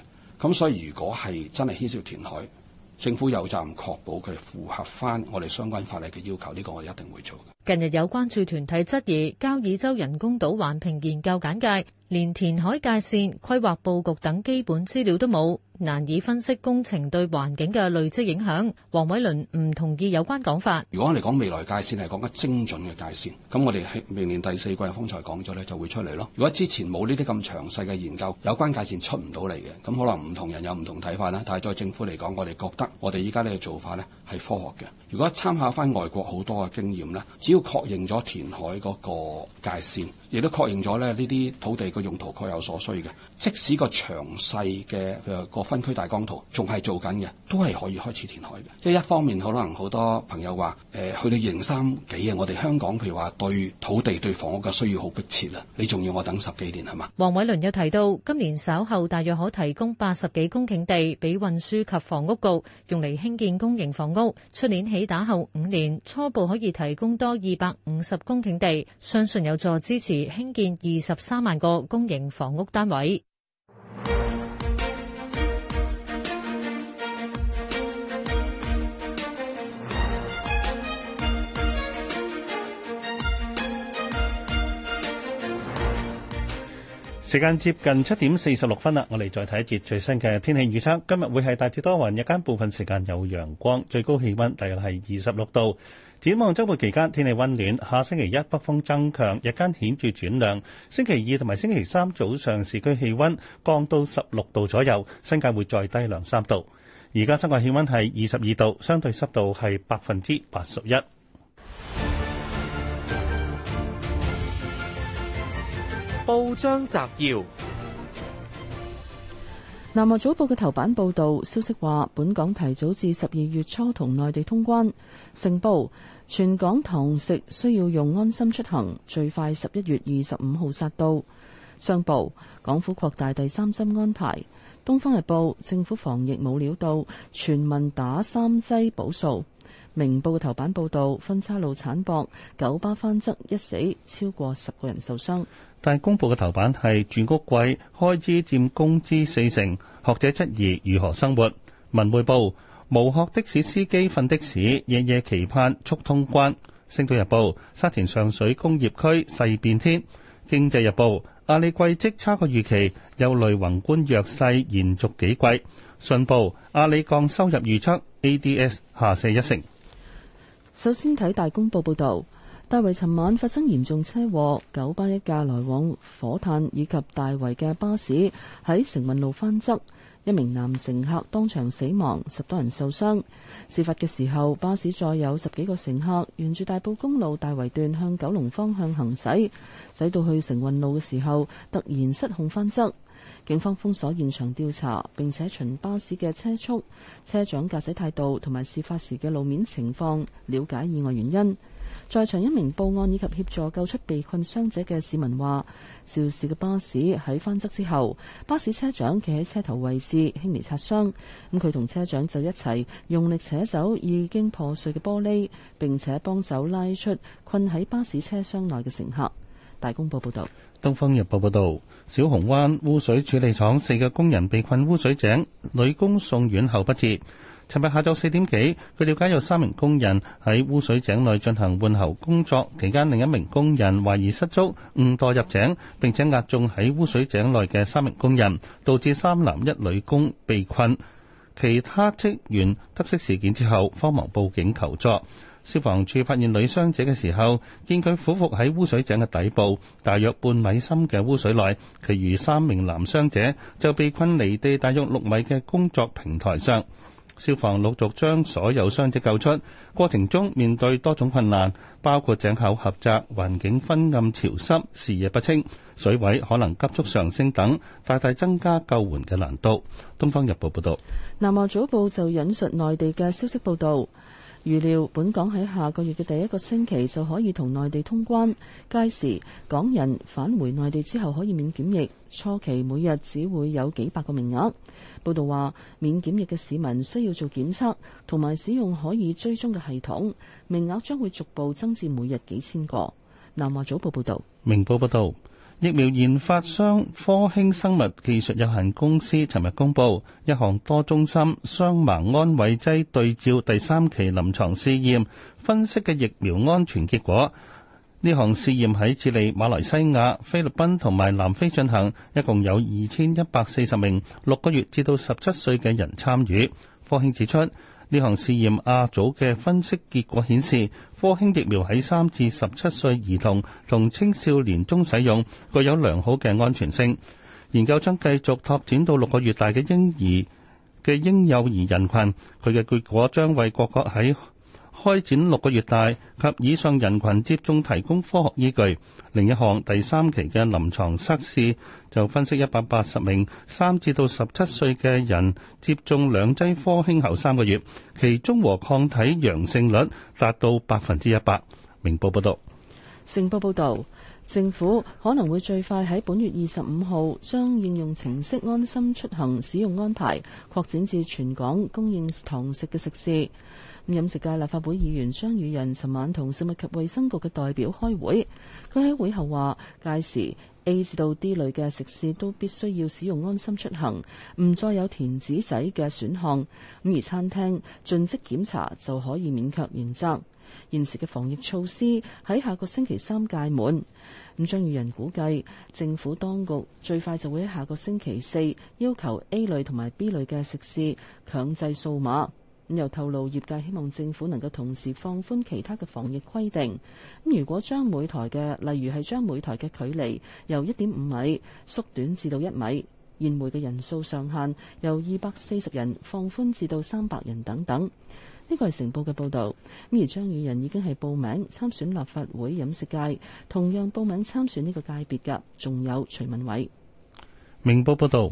咁所以如果係真係牽涉填海。政府有責任確保佢符合翻我哋相關法例嘅要求，呢個我哋一定會做嘅。近日有關注團體質疑，交椅洲人工島環評研究簡介，連填海界線規劃佈局等基本資料都冇，難以分析工程對環境嘅累積影響，黃偉倫唔同意有關講法。如果我哋講未來界線，係講得精準嘅界線，咁我哋喺明年第四季方才講咗咧就會出嚟咯。如果之前冇呢啲咁詳細嘅研究，有關界線出唔到嚟嘅，咁可能唔同人有唔同睇法啦。但係在政府嚟講，我哋覺得我哋依家呢個做法咧。係科學嘅。如果參考返外國好多嘅經驗咧，只要確認咗填海嗰個界線。亦都確認咗咧，呢啲土地嘅用途確有所需嘅。即使個詳細嘅個分區大綱圖仲係做緊嘅，都係可以開始填海嘅。即係一方面，可能好多朋友話：誒、呃、去到二零三幾啊，我哋香港譬如話對土地對房屋嘅需要好迫切啊，你仲要我等十幾年係嘛？黃偉倫又提到，今年稍後大約可提供八十幾公頃地俾運輸及房屋局用嚟興建公營房屋。出年起打後五年，初步可以提供多二百五十公頃地，相信有助支持。興建二十三萬個公營房屋單位。時間接近七點四十六分啦，我哋再睇一節最新嘅天氣預測。今日會係大致多雲，日間部分時間有陽光，最高氣溫大約係二十六度。展望周末期間天氣溫暖，下星期一北風增強，日間顯著轉涼。星期二同埋星期三早上市區氣溫降到十六度左右，新界會再低兩三度。而家室外氣溫係二十二度，相對濕度係百分之八十一。張集耀，《南華早報》嘅頭版報道消息話，本港提早至十二月初同內地通關。成報，全港堂食需要用安心出行，最快十一月二十五號殺到。商報，港府擴大第三針安排，《東方日報》政府防疫冇料到，全民打三劑補數。明報嘅頭版報道，分叉路慘薄，九巴翻側一死，超過十個人受傷。大公報嘅頭版係租屋貴開支占工資四成，學者質疑如何生活。文匯報，無學的士司機瞓的士，夜夜期盼速通關。星島日報，沙田上水工業區勢變天。經濟日報，阿里季績差過預期，憂慮宏觀弱勢延續幾季。信報，阿里降收入預測，A D S 下瀉一成。首先睇大公報報道，大圍尋晚發生嚴重車禍，九巴一架來往火炭以及大圍嘅巴士喺成運路翻側，一名男乘客當場死亡，十多人受傷。事發嘅時候，巴士載有十幾個乘客，沿住大埔公路大圍段向九龍方向行駛，駛到去成運路嘅時候，突然失控翻側。警方封鎖現場調查，並且循巴士嘅車速、車長駕駛態度同埋事發時嘅路面情況，了解意外原因。在場一名報案以及協助救出被困傷者嘅市民話：肇事嘅巴士喺翻側之後，巴士車長企喺車頭位置輕微擦傷，咁佢同車長就一齊用力扯走已經破碎嘅玻璃，並且幫手拉出困喺巴士車廂內嘅乘客。大公報報道。《東方日報》報導，小紅灣污水處理廠四個工人被困污水井，女工送院後不治。尋日下晝四點幾，據了解有三名工人喺污水井內進行換喉工作，期間另一名工人懷疑失足誤墮入井，並且壓中喺污水井內嘅三名工人，導致三男一女工被困。其他職員得悉事件之後，慌忙報警求助。消防處發現女傷者嘅時候，見佢俯伏喺污水井嘅底部，大約半米深嘅污水內。其餘三名男傷者就被困離地大約六米嘅工作平台上。消防陸續將所有傷者救出，過程中面對多種困難，包括井口狹窄、環境昏暗潮濕、視野不清、水位可能急速上升等，大大增加救援嘅難度。《東方日報》報道，《南華早報》就引述內地嘅消息報道。預料本港喺下個月嘅第一個星期就可以同內地通關，屆時港人返回內地之後可以免檢疫，初期每日只會有幾百個名額。報道話，免檢疫嘅市民需要做檢測同埋使用可以追蹤嘅系統，名額將會逐步增至每日幾千個。南華早報報道。明報報道。疫苗研發商科興生物技術有限公司尋日公布，一項多中心雙盲安慰劑對照第三期臨床試驗，分析嘅疫苗安全結果。呢項試驗喺智利、馬來西亞、菲律賓同埋南非進行，一共有二千一百四十名六個月至到十七歲嘅人參與。科興指出。呢項試驗亞組嘅分析結果顯示，科興疫苗喺三至十七歲兒童同青少年中使用具有良好嘅安全性。研究將繼續拓展到六個月大嘅嬰兒嘅嬰幼兒人群，佢嘅結果將為各國喺開展六個月大及以上人群接種提供科學依據。另一項第三期嘅臨床測試就分析一百八十名三至到十七歲嘅人接種兩劑科興後三個月，其中和抗體陽性率達到百分之一百。明報報道，成報報道，政府可能會最快喺本月二十五號將應用程式安心出行使用安排擴展至全港供應堂食嘅食肆。飲食界立法會議員張宇人昨晚同食物及衛生局嘅代表開會，佢喺會後話：屆時 A 至到 D 類嘅食肆都必須要使用安心出行，唔再有填紙仔嘅選項。咁而餐廳盡職檢查就可以免卻刑責。現時嘅防疫措施喺下個星期三屆滿。咁張宇人估計政府當局最快就會喺下個星期四要求 A 類同埋 B 類嘅食肆強制掃碼。又透露，業界希望政府能夠同時放寬其他嘅防疫規定。咁如果將每台嘅，例如係將每台嘅距離由一點五米縮短至到一米，宴會嘅人數上限由二百四十人放寬至到三百人等等。呢個係成報嘅報道，咁而張宇人已經係報名參選立法會飲食界，同樣報名參選呢個界別噶，仲有徐文偉，明報報道。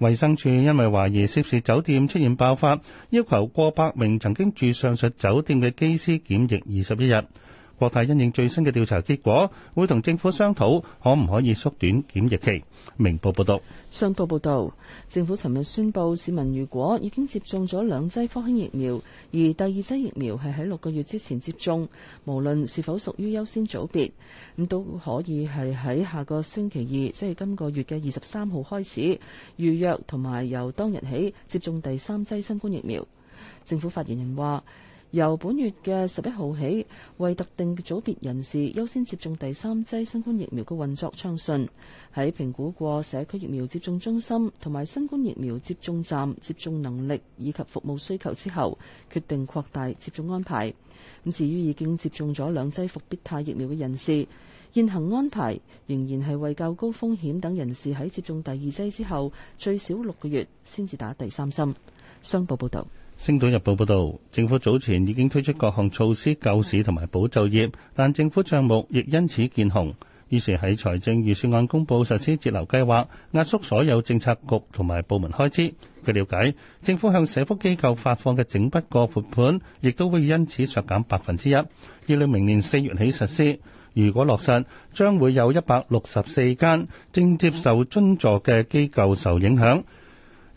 衛生署因為懷疑涉事酒店出現爆發，要求過百名曾經住上述酒店嘅機師檢疫二十一日。國泰因應最新嘅調查結果，會同政府商討可唔可以縮短檢疫期。明報報道：商報報道，政府尋日宣佈，市民如果已經接種咗兩劑科興疫苗，而第二劑疫苗係喺六個月之前接種，無論是否屬於優先組別，咁都可以係喺下個星期二，即係今個月嘅二十三號開始預約，同埋由當日起接種第三劑新冠疫苗。政府發言人話。由本月嘅十一號起，為特定組別人士優先接種第三劑新冠疫苗嘅運作暢順。喺評估過社區疫苗接種中心同埋新冠疫苗接種站接種能力以及服務需求之後，決定擴大接種安排。咁至於已經接種咗兩劑復必泰疫苗嘅人士，現行安排仍然係為較高風險等人士喺接種第二劑之後最少六個月先至打第三針。商報報道。《星島日報》報導，政府早前已經推出各項措施救市同埋保就業，但政府帳目亦因此見紅，於是喺財政預算案公布實施節流計劃，壓縮所有政策局同埋部門開支。據了解，政府向社福機構發放嘅整筆過撥款，亦都會因此削減百分之一，預料明年四月起實施。如果落實，將會有一百六十四間正接受津助嘅機構受影響。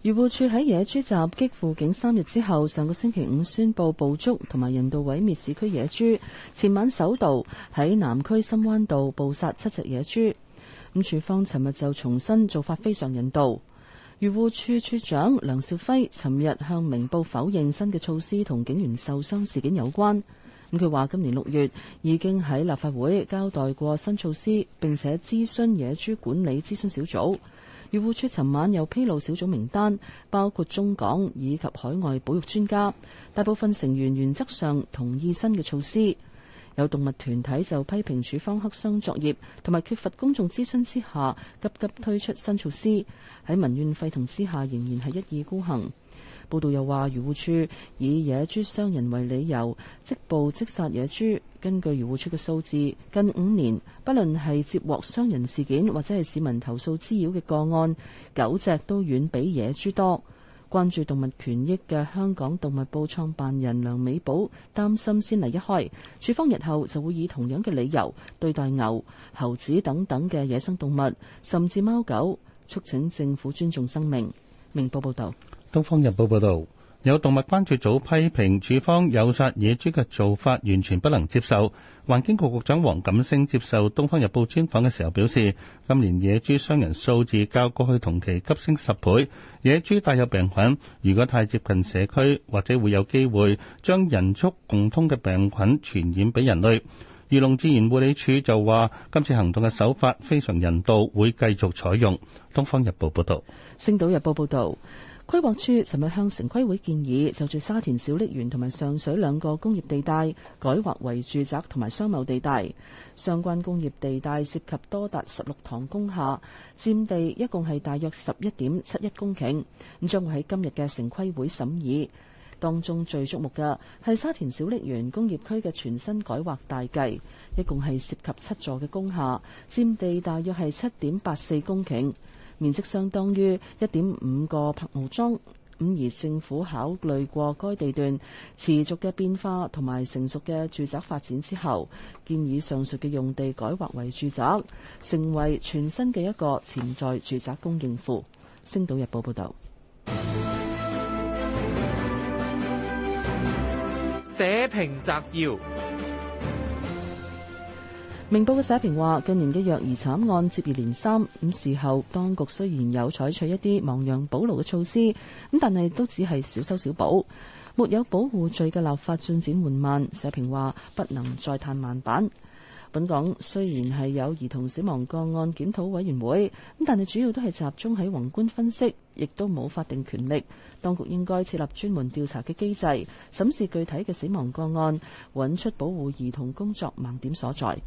漁護處喺野豬襲擊輔警三日之後，上個星期五宣布捕捉同埋人道毀滅市區野豬。前晚首度喺南區深灣道捕殺七隻野豬。咁處方尋日就重新做法非常人道。漁護處處長梁兆輝尋日向明報否認新嘅措施同警員受傷事件有關。咁佢話今年六月已經喺立法會交代過新措施，並且諮詢野豬管理諮詢小組。漁護署尋晚有披露小組名單，包括中港以及海外保育專家，大部分成員原則上同意新嘅措施。有動物團體就批評署方黑箱作業，同埋缺乏公眾諮詢之下，急急推出新措施。喺民怨沸騰之下，仍然係一意孤行。報道又話，漁護處以野豬傷人為理由，即捕即殺野豬。根據漁護處嘅數字，近五年不論係接獲傷人事件或者係市民投訴滋擾嘅個案，九隻都遠比野豬多。關注動物權益嘅香港動物報創辦人梁美寶擔心，先例一開，處方日後就會以同樣嘅理由對待牛、猴子等等嘅野生動物，甚至貓狗，促請政府尊重生命。明報報道。《東方日報》報導，有動物關注組批評處方誘殺野豬嘅做法完全不能接受。環境局局長黃錦星接受《東方日報》專訪嘅時候表示，今年野豬傷人數字較過去同期急升十倍，野豬帶有病菌，如果太接近社區，或者會有機會將人畜共通嘅病菌傳染俾人類。漁農自然護理署就話，今次行動嘅手法非常人道，會繼續採用。《東方日報》報導，《星島日報》報導。規劃處尋日向城規會建議，就住沙田小瀝源同埋上水兩個工業地帶改劃為住宅同埋商貿地帶。相關工業地帶涉及多達十六幢工廈，佔地一共係大約十一點七一公頃。咁將會喺今日嘅城規會審議。當中最矚目嘅係沙田小瀝源工業區嘅全新改劃大計，一共係涉及七座嘅工廈，佔地大約係七點八四公頃。面積相當於一點五個柏豪莊咁，而政府考慮過該地段持續嘅變化同埋成熟嘅住宅發展之後，建議上述嘅用地改劃為住宅，成為全新嘅一個潛在住宅供應庫。星島日報報導。社評摘要。明報嘅社評話：近年嘅虐兒慘案接二連三，咁事後當局雖然有採取一啲亡羊補牢嘅措施，咁但係都只係小修小補，沒有保護罪嘅立法進展緩慢。社評話：不能再嘆慢板。本港雖然係有兒童死亡個案檢討委員會，咁但係主要都係集中喺宏觀分析，亦都冇法定權力。當局應該設立專門調查嘅機制，審視具體嘅死亡個案，揾出保護兒童工作盲點所在。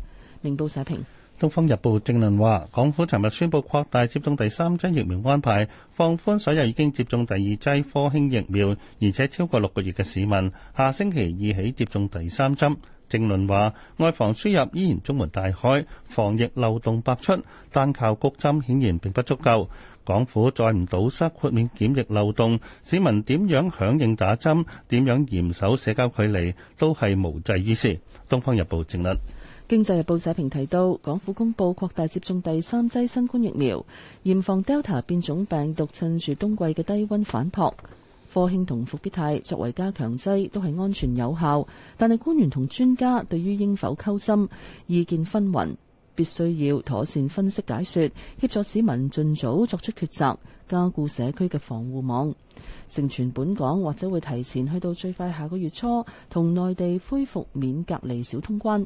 明報社評：《東方日報》正論話，港府尋日宣布擴大接種第三劑疫苗安排，放寬所有已經接種第二劑科興疫苗而且超過六個月嘅市民，下星期二起接種第三針。正論話，外防輸入依然中門大開，防疫漏洞百出，單靠谷針顯然並不足夠。港府再唔堵塞豁免檢疫漏洞，市民點樣響應打針，點樣嚴守社交距離，都係無濟於事。《東方日報》正論。經濟日報社評提到，港府公布擴大接種第三劑新冠疫苗，嚴防 Delta 變種病毒趁住冬季嘅低温反撲。科興同複必泰作為加強劑都係安全有效，但係官員同專家對於應否溝針，意見紛紜，必須要妥善分析解說，協助市民盡早作出抉擇，加固社區嘅防護網。成全本港或者會提前去到最快下個月初同內地恢復免隔離小通關，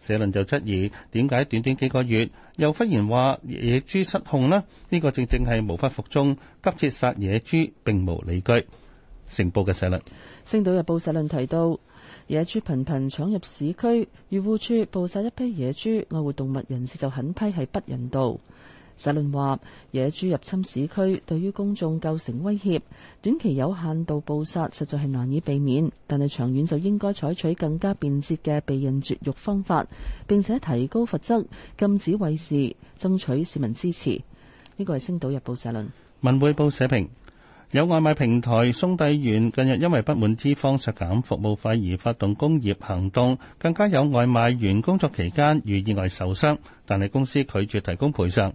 社論就質疑，點解短短幾個月又忽然話野豬失控呢？呢、呢個正正係無法服眾，急切殺野豬並無理據。成報嘅社論，《星島日報》社論提到，野豬頻頻闖入市區，漁護處捕殺一批野豬，愛護動物人士就狠批係不人道。社論話野豬入侵市區，對於公眾構成威脅。短期有限度捕殺實在係難以避免，但係長遠就應該採取更加便捷嘅避孕絕育方法，並且提高罰則，禁止餵飼，爭取市民支持。呢個係《星島日報》社論。文匯報社評：有外賣平台送遞員近日因為不滿資方削減服務費而發動工業行動，更加有外賣員工作期間遇意外受傷，但係公司拒絕提供賠償。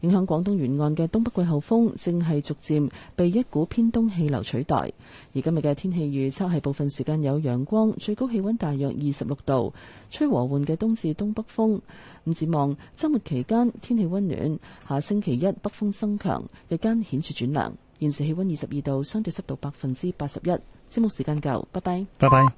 影響廣東沿岸嘅東北季候風正係逐漸被一股偏東氣流取代。而今日嘅天氣預測係部分時間有陽光，最高氣溫大約二十六度，吹和緩嘅東至東北風。咁展望週末期間天氣溫暖，下星期一北風增強，日間顯著轉涼。現時氣溫二十二度，相對濕度百分之八十一。節目時間夠，拜拜。拜拜。